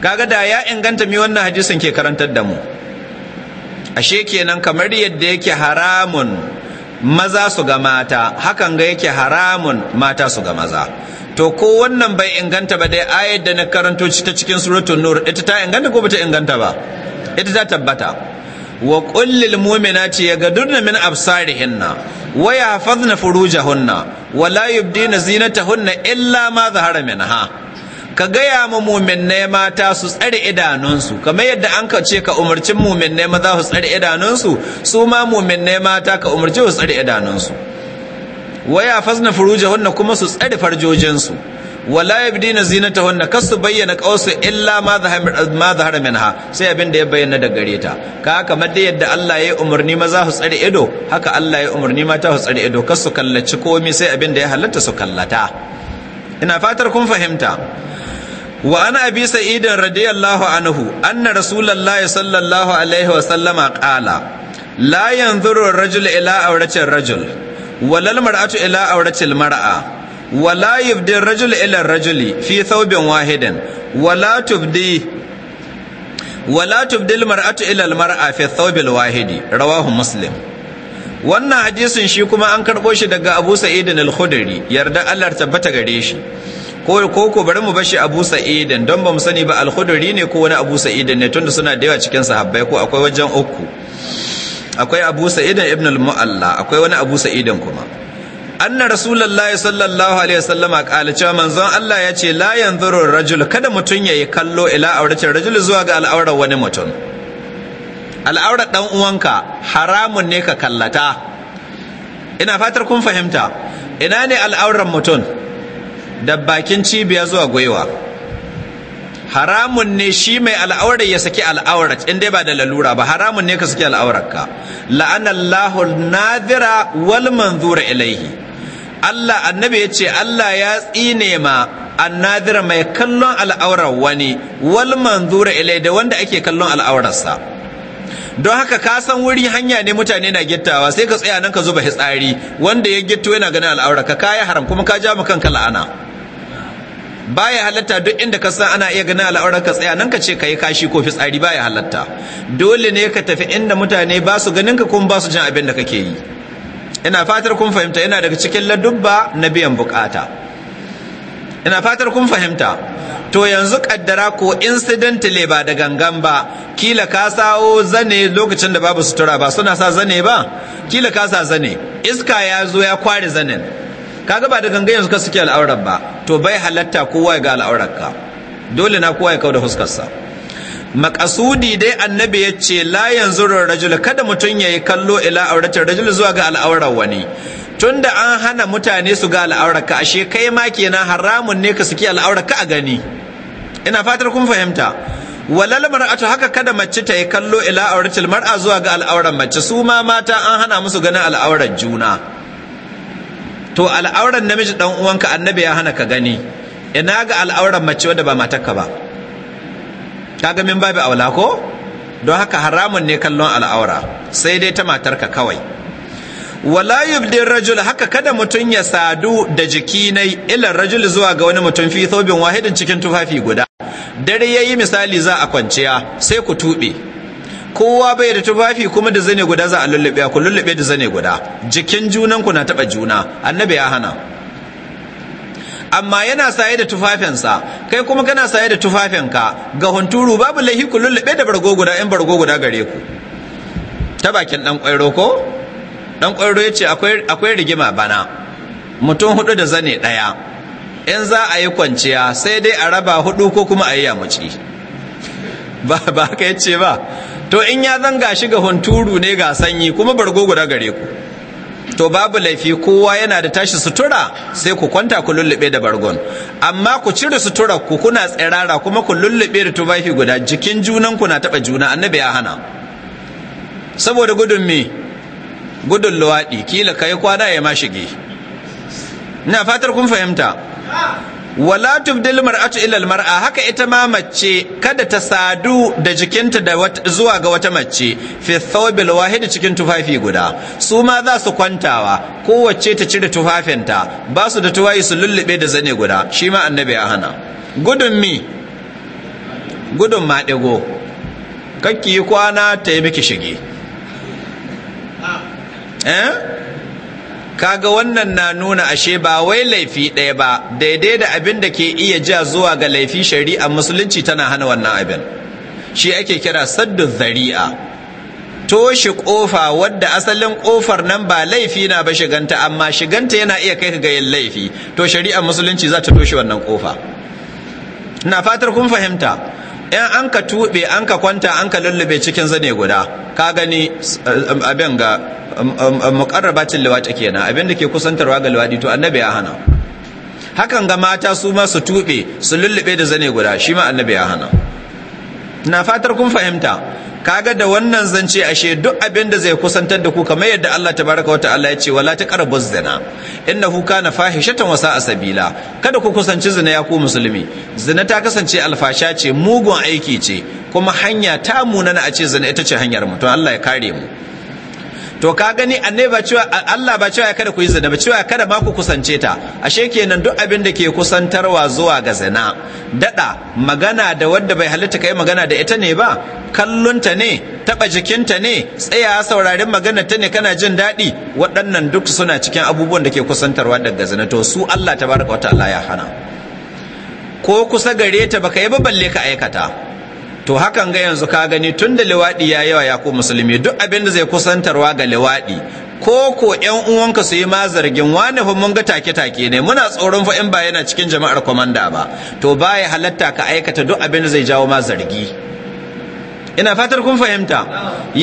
[SPEAKER 1] kaga da ya inganta mi wannan hadisin ke karantar da mu ashe kenan kamar yadda yake haramun maza su ga mata hakan ga yake haramun mata su ga maza to ko wannan bai inganta ba dai ayar da na karanto ta cikin suratul nur ita ta inganta ko bata inganta ba ita ta tabbata wa qul lil mu'minati yaghudna min absarihinna wa yahfazna furujahunna wa la yubdina zinatahunna illa ma zahara minha ka gaya ma muminnai mata su tsare idanunsu kamar yadda an ka ce ka umarci muminnai maza su tsare idanunsu su ma muminnai mata ka umarci su tsare idanunsu waya fasna hunna kuma su tsare farjojinsu wala yabdina zinatahunna su bayyana qausu illa ma ma zahara minha sai abin da ya bayyana da gare ta ka kamar da yadda Allah ya umarni maza su tsare ido haka Allah ya umarni mata su tsare ido su kallaci komai sai abin da ya halatta su kallata ina fatar kun fahimta wa ana abi sa'idin radiyallahu anhu anna rasulullahi sallallahu alaihi wa sallama qala la yanzuru ar-rajul ila awratir rajul walal mar'atu ila auratil mar'a wala yubdi rajul ila rajuli fi thawbin wahidan, wala tubdi wala tubdi mar'atu ila mar'a fi thawbil wahidi rawahu muslim wannan hadisin shi kuma an karɓo shi daga Abu Sa'id al-Khudri yarda Allah tabbata gare shi ko ko ko bari mu bashi Abu Sa'id don ba mu sani ba al-Khudri ne ko wani Abu Sa'id ne tunda suna da yawa cikin sahabbai ko akwai wajen uku akwai abu sa'idan ibn al-mu'alla akwai wani abu sa'idan kuma anna rasulullahi sallallahu alaihi wasallama kala cewa manzon Allah ya ce la yanzuru rajul kada mutun yayi kallo ila auratin rajul zuwa ga al'aurar wani mutum al'aurar dan uwanka haramun ne ka kallata ina fatar kun fahimta ina ne al'aurar mutum da bakin cibiya zuwa gwiwa haramun ne shi mai al'aurar ya saki al'aurar in dai ba da lalura ba haramun ne ka saki ka la'anallahu nadira wal manzura ilaihi Allah annabi ya ce Allah ya tsine ma annadira mai kallon al'aurar wani wal manzura ilai da wanda ake kallon al'aurarsa don haka ka san wuri hanya ne mutane na gittawa sai ka tsaya nan ka zuba hitsari wanda ya gitto yana ganin al'aurar ka kaya haram kuma ka ja mu kanka la'ana baya halatta duk inda ka san ana iya ganin al'aurar ka tsaya nan ka ce kai kashi ko fitsari baya halatta dole ne ka tafi inda mutane ba su ganin ka kuma ba su jin abin da kake yi ina fatar kun fahimta Ina daga cikin ladubba na biyan bukata ina fatar kun fahimta to yanzu kaddara ko incidentally ba da gangan ba kila ka sawo zane lokacin da babu sutura ba suna sa zane ba kila ka sa zane iska ya zo ya kware zanen kaga ba da gangan suka suke al'aurar ba to bai halatta kowa ga al'aurar ka dole na kowa ya kau da fuskarsa makasudi dai annabi ya ce la yanzu rajul kada mutum ya yi kallo ila auratar rajul zuwa ga al'aurar wani tunda an hana mutane su ga al'aurar ka ashe kai ma kenan haramun ne ka suke al'aurar ka a gani ina fatar kun fahimta walal mar'atu haka kada mace ta yi kallo ila auratul mar'a zuwa ga al'aurar mace su ma mata an hana musu ganin al'aurar juna to al'auran namiji dan uwanka annabi ya hana ka gani ina ga al'auran mace wadda ba matarka ba kaga min babu aula ko don haka haramun ne kallon al'aura sai dai ta matarka kawai wala yubdir rajul haka kada mutum ya sadu da jiki na ilan rajul zuwa ga wani mutum fi thobin wahidin cikin tufafi guda dare yayi misali za a kwanciya sai ku tube kowa bai da tufafi kuma da zane guda za a lullube ku lullube da zane guda jikin junan ku na taba juna annabi ya hana amma yana saye da tufafinsa kai kuma kana saye da tufafinka ga hunturu babu laihi ku lullube da bargo guda in bargo guda gare ku ta bakin dan kwairo ko dan kwairo ya ce akwai rigima bana mutum hudu da zane daya in za a yi kwanciya sai dai a raba hudu ko kuma a yi yamuci ba ba ka yace ba to in ya zanga shi ga hunturu ne ga sanyi kuma bargo guda gare ku to babu laifi kowa yana da tashi sutura sai ku kwanta ku lullube da bargon amma ku cire sutura ku kuna tsirara kuma ku lullube da tufafi guda jikin junan ku na taba juna annabi ya hana saboda gudun me gudun luwaɗi kila kai kwana ya ma shige ina fatar kun fahimta wala tubdil mar'atu ila mar'a haka ita ma mace kada ta sadu da jikinta da zuwa ga wata mace fi thawbil wahid cikin tufafi guda su ma za su kwantawa kowace ta cire tufafinta ba su da tuwayi su lullube da zane guda shi ma annabi ya hana gudun mi gudun maɗigo kakki kwana ta yi miki shige eh kaga wannan na nuna ashe ba wai laifi ɗaya ba daidai da abin da ke iya ja zuwa ga laifi shari'a musulunci tana hana wannan abin shi ake kira saddu zari'a toshe kofa wadda asalin kofar nan ba laifi na ba shiganta amma shiganta yana iya kai ga yin laifi to shari'a musulunci za ta toshe wannan kofa na fatar kun fahimta in an ka tuɓe an ka kwanta an ka lullube cikin zane guda ka gani eh, abin ga eh, eh, muƙarrabacin liwaɗi kenan abin da ke kusantarwa ga liwaɗi to annabi ya hana hakan ga mata su ma su tuɓe su lullube da zane guda shi ma annabi ya hana na fatar kun fahimta kaga da wannan zance ashe duk abin da zai kusantar da ku kamar yadda Allah tabaraka wata'ala ya ce wala taqrabu zina innahu kana fahishatan wa sa'a sabila kada ku kusanci zina ya ku musulmi zina ta kasance alfasha ce mugun aiki ce kuma hanya ta munana a ce zina ita ce hanyar mu to Allah ya kare mu to ka gani annabi ba cewa Allah ba cewa kada ku yi zina ba cewa kada ma ku kusance ta ashe kenan duk abin da ke kusantarwa zuwa ga zina dada magana da wadda bai halitta kai magana da ita ne ba kallonta ne taba jikinta ne tsaya saurarin magana ta ne kana jin daɗi waɗannan duk suna cikin abubuwan da ke kusantarwa daga zina to su Allah tabaraka ta'ala ya hana ko kusa gare ta baka yi ba balle ka aikata to hakan ga yanzu ka gani tun da liwaɗi ya yawa ya ku musulmi duk abin da zai kusantarwa ga liwaɗi ko ko ƴan uwanka su yi ma zargin wani fa mun ga take take ne muna tsoron fa in ba yana cikin jama'ar komanda ba to baya halatta ka aikata duk abin da zai jawo ma zargi ina fatar kun fahimta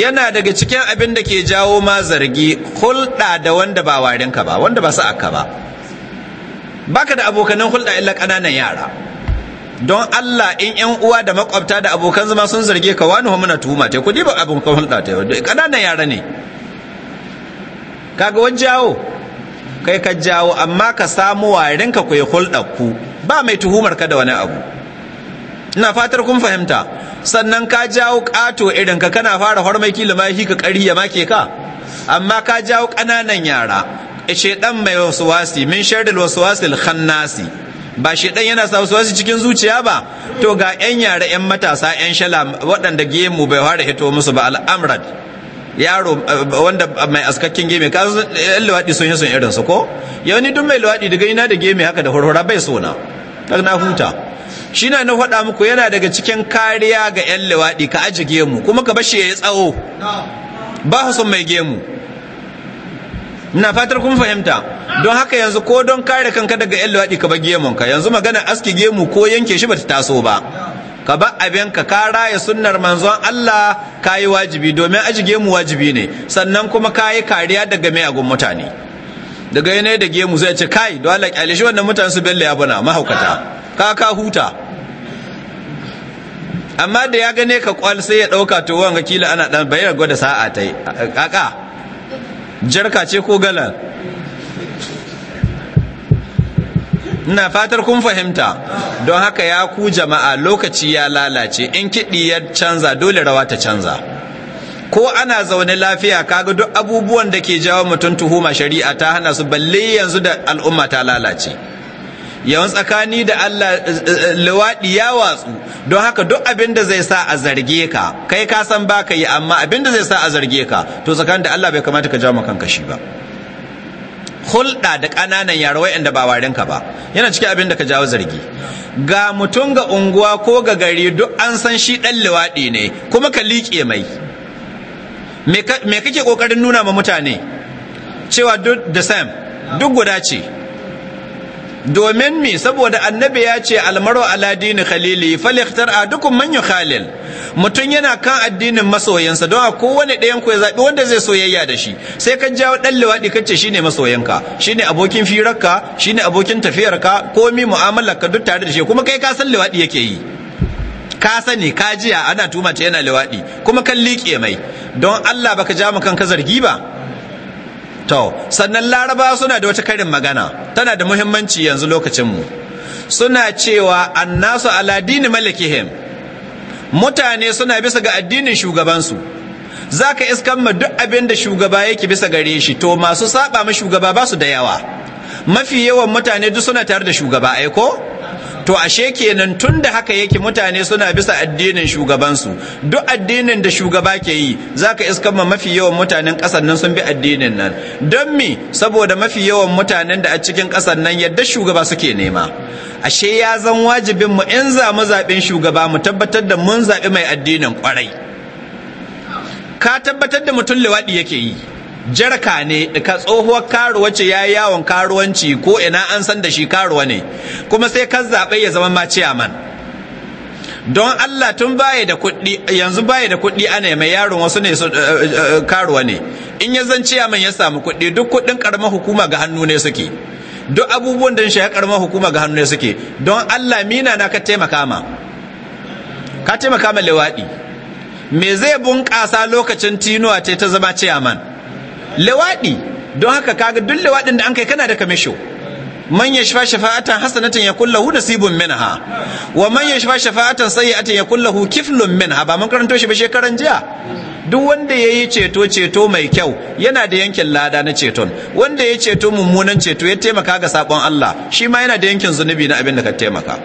[SPEAKER 1] yana daga cikin abin da ke jawo ma zargi hulɗa da wanda ba warinka ba wanda ba sa'aka ba baka da abokanan hulɗa illa ƙananan yara don Allah in yan uwa da makwabta da abokan zama sun zarge ka wani muna tuhuma ta kudi ba abin kan hulɗa ta kananan yara ne kaga wani jawo kai ka jawo amma ka samu warin ka kuwa hulɗa ku ba mai tuhumar ka da wani abu ina fatar kun fahimta sannan ka jawo ƙato irin ka kana fara hormaki limahi ka ƙari ya make ka amma ka jawo ƙananan yara ɗan mai wasu wasi min sharril wasu khannasi ba shi dan yana sa wasu cikin zuciya ba to ga yan yara yan matasa yan shala waɗanda gemu bai fara hito musu ba al'amrad yaro eh, wanda mai askakken gemi ka eh, yan luwaɗi sun yi irin su ko yau ni duk mai luwaɗi daga yana da gemi haka da horhora bai sona kaga na huta shi na faɗa muku yana daga cikin kariya ga yan luwaɗi ka aji gemu kuma ka bashi ya yi tsawo ba su mai gemu ina fatar kun fahimta don haka yanzu ko don kare kanka daga yan luwaɗi ka bar ka yanzu magana aski gemu ko yanke shi bata taso ba ka bar abin ka ka raya sunnar manzon Allah ka yi wajibi domin aji gemu wajibi ne sannan kuma ka yi kariya daga agun mutane daga yanayi da gemu zai ce kai da Allah kyale shi wannan mutane su bella yabuna mahaukata ka ka huta amma da ya gane ka kwal sai ya dauka to wanga kila ana dan bayar gwada sa'a tai aka jarka ce ko galar ina fatar kun fahimta don haka ya ku jama'a lokaci ya lalace in kiɗi ya canza dole rawa ta canza ko ana zaune lafiya kaga duk abubuwan da ke jawo mutum tuhuma shari'a ta hana su balle yanzu da al'umma ta lalace yawan tsakani da Allah eh, eh, eh, luwaɗi ya watsu don haka duk abin da zai sa a zarge ka kai ka san ba ka yi amma abin da zai sa a zarge ka to tsakanin da Allah bai kamata ka jama kanka shi ba hulɗa da ƙananan yara waɗanda ba warin ka ba yana cikin abin da ka jawo zargi ga mutum ga unguwa ko ga gari duk an san shi ɗan luwaɗi ne kuma ka liƙe mai me kake ƙoƙarin nuna ma mutane cewa duk da sam duk guda ce domin mi saboda annabi ya ce almaru ala dini khalili faliktar a duk manyan khalil mutum yana kan addinin masoyansa don a kowane ɗayan ku ya zaɓi wanda zai soyayya da shi sai ka jawo ɗan liwaɗi kace shine masoyanka shine abokin firarka shine abokin tafiyarka komi mu'amalarka duk tare da shi kuma kai ka san liwaɗi yake yi ka sani ka jiya ana tuma ta yana liwaɗi kuma kan liƙe mai don Allah baka ja mu kan ka zargi ba to sannan laraba suna da wata karin magana tana da muhimmanci yanzu lokacinmu suna cewa annasu ala dini malikihim mutane suna bisa ga addinin shugabansu za ka iskan ma duk abin da shugaba yake bisa gare shi to masu saba ma shugaba ba su da yawa mafi yawan mutane duk suna tare da shugaba ai ko to ashe kenan tun da haka yake mutane suna bisa addinin shugabansu duk addinin da shugaba ke yi zaka ka iska ma mafi yawan mutanen ƙasar nan sun bi addinin nan don me saboda mafi yawan mutanen da a cikin ƙasar nan yadda shugaba suke nema ashe ya zan wajibin mu in za mu zaɓen shugaba mu tabbatar da mun zaɓi mai addinin ƙwarai ka tabbatar da mutum liwaɗi yake yi jarka ne ka tsohuwar karuwa ce ya yi yawon karuwanci ko ina an san da shi karuwa ne kuma sai ka zaɓe ya zama ma man don Allah tun baya da kuɗi yanzu baya da kuɗi ana mai yaron wasu ne eh, eh, karuwa ne in ya zan man ya samu kuɗi duk kuɗin karamar hukuma ga hannu ne suke duk abubuwan da shi ya ƙaramar hukuma ga hannu ne suke don Allah mina na ka taimaka ma ka taimaka ma lewaɗi me zai bunƙasa lokacin tinuwa ta zama ciyaman Lewaɗi don haka kaga duk lewaɗin da an kai kana da kamisho man ya shafa shafa'atan hasanatan ya kullahu nasibun minha wa man ya shafa shafa'atan sayyi'atan ya kullahu kiflun minha ba mun karanto shi ba shekaran jiya duk wanda yayi ceto ceto mai kyau yana da yankin lada na ceton wanda ya ceto mummunan ceto ya taimaka ga sakon Allah shi ma yana da yankin zunubi na abin da ka taimaka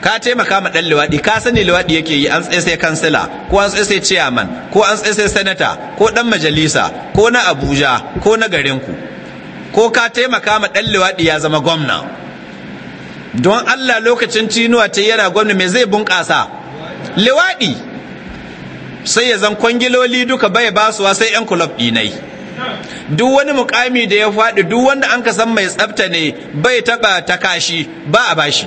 [SPEAKER 1] ka taimaka ma dan luwaɗi ka sani luwaɗi yake yi an tsaye sai kansila ko an tsaye sai ciyaman ko an tsaye sai sanata ko dan majalisa ko na abuja ko na garinku ko ka taimaka ma dan luwaɗi ya zama gwamna don allah lokacin cinuwa ta yana gwamna me zai bunƙasa luwaɗi sai ya zan kwangiloli duka bai basuwa sai yan kulob ɗinai duk wani mukami da ya faɗi duk wanda an ka san mai tsafta ne bai taɓa kashi ba a bashi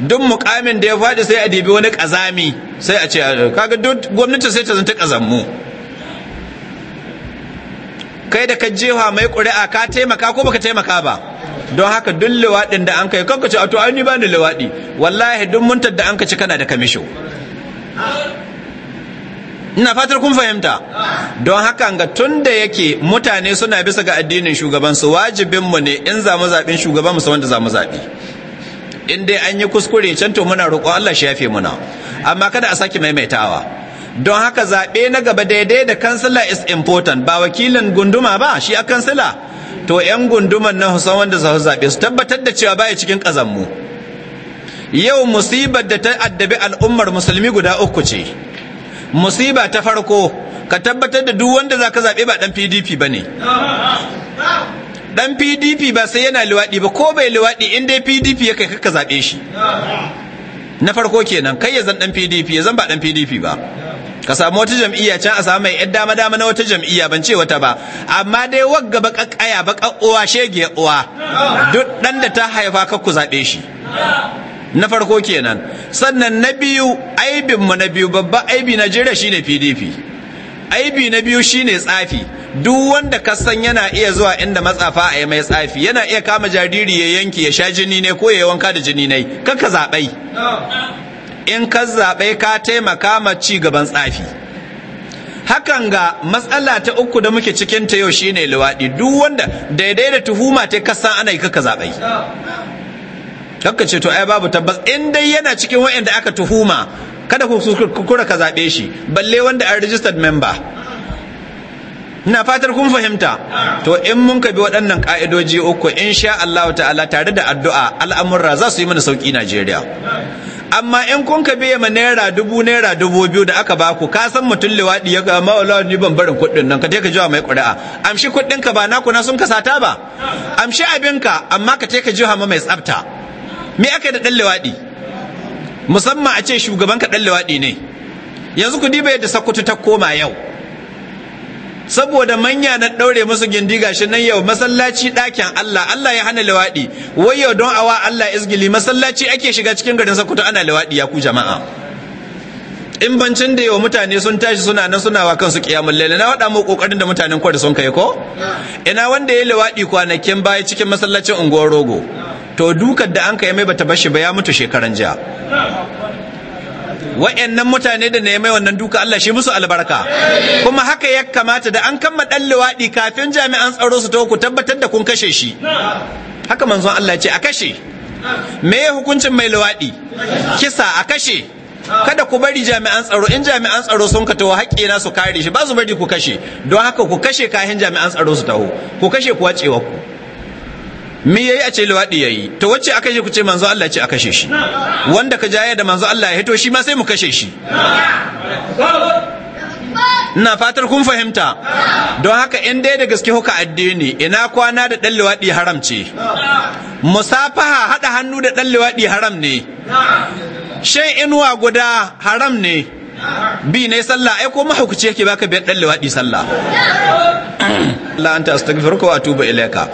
[SPEAKER 1] duk mukamin da ya faɗi sai a dibi wani ƙazami sai a ce kaga duk gwamnati sai ta zanta ƙazammu kai da ka jefa mai ƙuri'a ka taimaka ko baka taimaka ba don haka duk liwaɗin da an kai kanka ce a to ni ba ni liwaɗi wallahi duk muntar da an ka ci kana da kamisho ina fatar kun fahimta don haka ga tun da yake mutane suna bisa ga addinin shugabansu wajibinmu ne in zamu zaɓin shugaban musamman da za mu zaɓi in dai an yi kuskure can to muna roƙo Allah shi yafe muna amma kada a sake maimaitawa don haka zaɓe na gaba daidai da kansila is important ba wakilin gunduma ba shi a kansila to 'yan gunduman na husan wanda su zaɓe su tabbatar da cewa baya cikin ƙazanmu yau musibar da ta addabi al'ummar musulmi guda uku ce musiba ta farko ka tabbatar da duk wanda za ka zaɓe ba ɗan pdp bane. dan pdp ba sai yana luwaɗi ba ko bai luwaɗi in dai pdp ya kai kaka zaɓe shi na farko kenan kai ya zan dan pdp ya zan ba dan pdp ba ka samu wata jam'iyya can a samu mai yar dama dama na wata jam'iyya ban ce wata ba amma dai wagga ba kakkaya ba uwa, shege uwa duk dan da ta haifa ka ku zaɓe shi na farko kenan sannan na biyu mu na biyu babba aibi najeriya shine pdp aibi na biyu shine tsafi duk wanda ka san yana iya zuwa inda matsafa a mai tsafi yana iya kama jariri ya yanki ya sha jini ne ko ya wanka da jini ne kaka zabai? in ka zabai ka taimaka ma ci gaban tsafi hakan ga matsala ta uku da muke cikin ta yau shine luwaɗi duk wanda daidai da tuhuma ta san ana yi kaka zabai? kakka ce to ai babu tabbas in dai yana cikin wa'anda aka tuhuma kada ku kura ka zaɓe shi balle wanda a registered member ina fatar kun fahimta to in mun ka bi waɗannan ƙa'idoji uku in sha Allah ta'ala tare da addu'a al'amurra za su yi mana sauƙi Najeriya amma in kun ka biya ma naira dubu naira dubu biyu da aka baku ka san mutum liwaɗi ya ga ma'ulawa ni ban barin kuɗin nan ka je ka jiwa mai ƙuri'a amshi kuɗin ka ba naku na sun kasata ba amshi abinka amma ka je ka jiwa ma mai tsafta me aka da ɗan liwaɗi musamman a ce shugaban ka lawaɗi ne yanzu ku diba yadda sakutu ta koma yau saboda manya na ɗaure musu gindi gashi nan yau masallaci ɗakin Allah Allah ya hana lawaɗi wai yau don awa Allah izgili masallaci ake shiga cikin garin sakutu ana lawaɗi ya ku jama'a in bancin da yawa mutane sun tashi suna nan suna wa kansu kiyamul laila na waɗa mu kokarin da mutanen kwari sun kai ko ina wanda ya lawaɗi kwanakin baya cikin masallacin unguwar rogo to dukar da an kai mai bata bashi ba ya mutu shekaran jiya wa'annan mutane da na mai wannan duka Allah shi musu albarka kuma haka ya kamata da an kama dan luwaɗi kafin jami'an tsaro su ku tabbatar da kun kashe shi haka manzon Allah ce a kashe me ya hukuncin mai luwaɗi kisa a kashe kada ku bari jami'an tsaro in jami'an tsaro sun ka taho haƙƙi na su kare shi ba su bari ku kashe don haka ku kashe kayan jami'an tsaro su taho ku kashe ku wacewa ku mi yayi a ce luwaɗi yayi to wacce aka shi ku ce manzo Allah ce a kashe shi wanda ka jaya da manzo Allah ya hito shi ma sai mu kashe shi ina fatar kun fahimta don haka in dai da gaske huka addini ina kwana da ɗan luwaɗi haram ce musafaha haɗa hannu da ɗan luwaɗi haram ne shan inuwa guda haram ne bi ne sallah ai ko mahaukaci yake baka biyar dan liwadi sallah Allah anta astaghfiruka wa atubu ilayka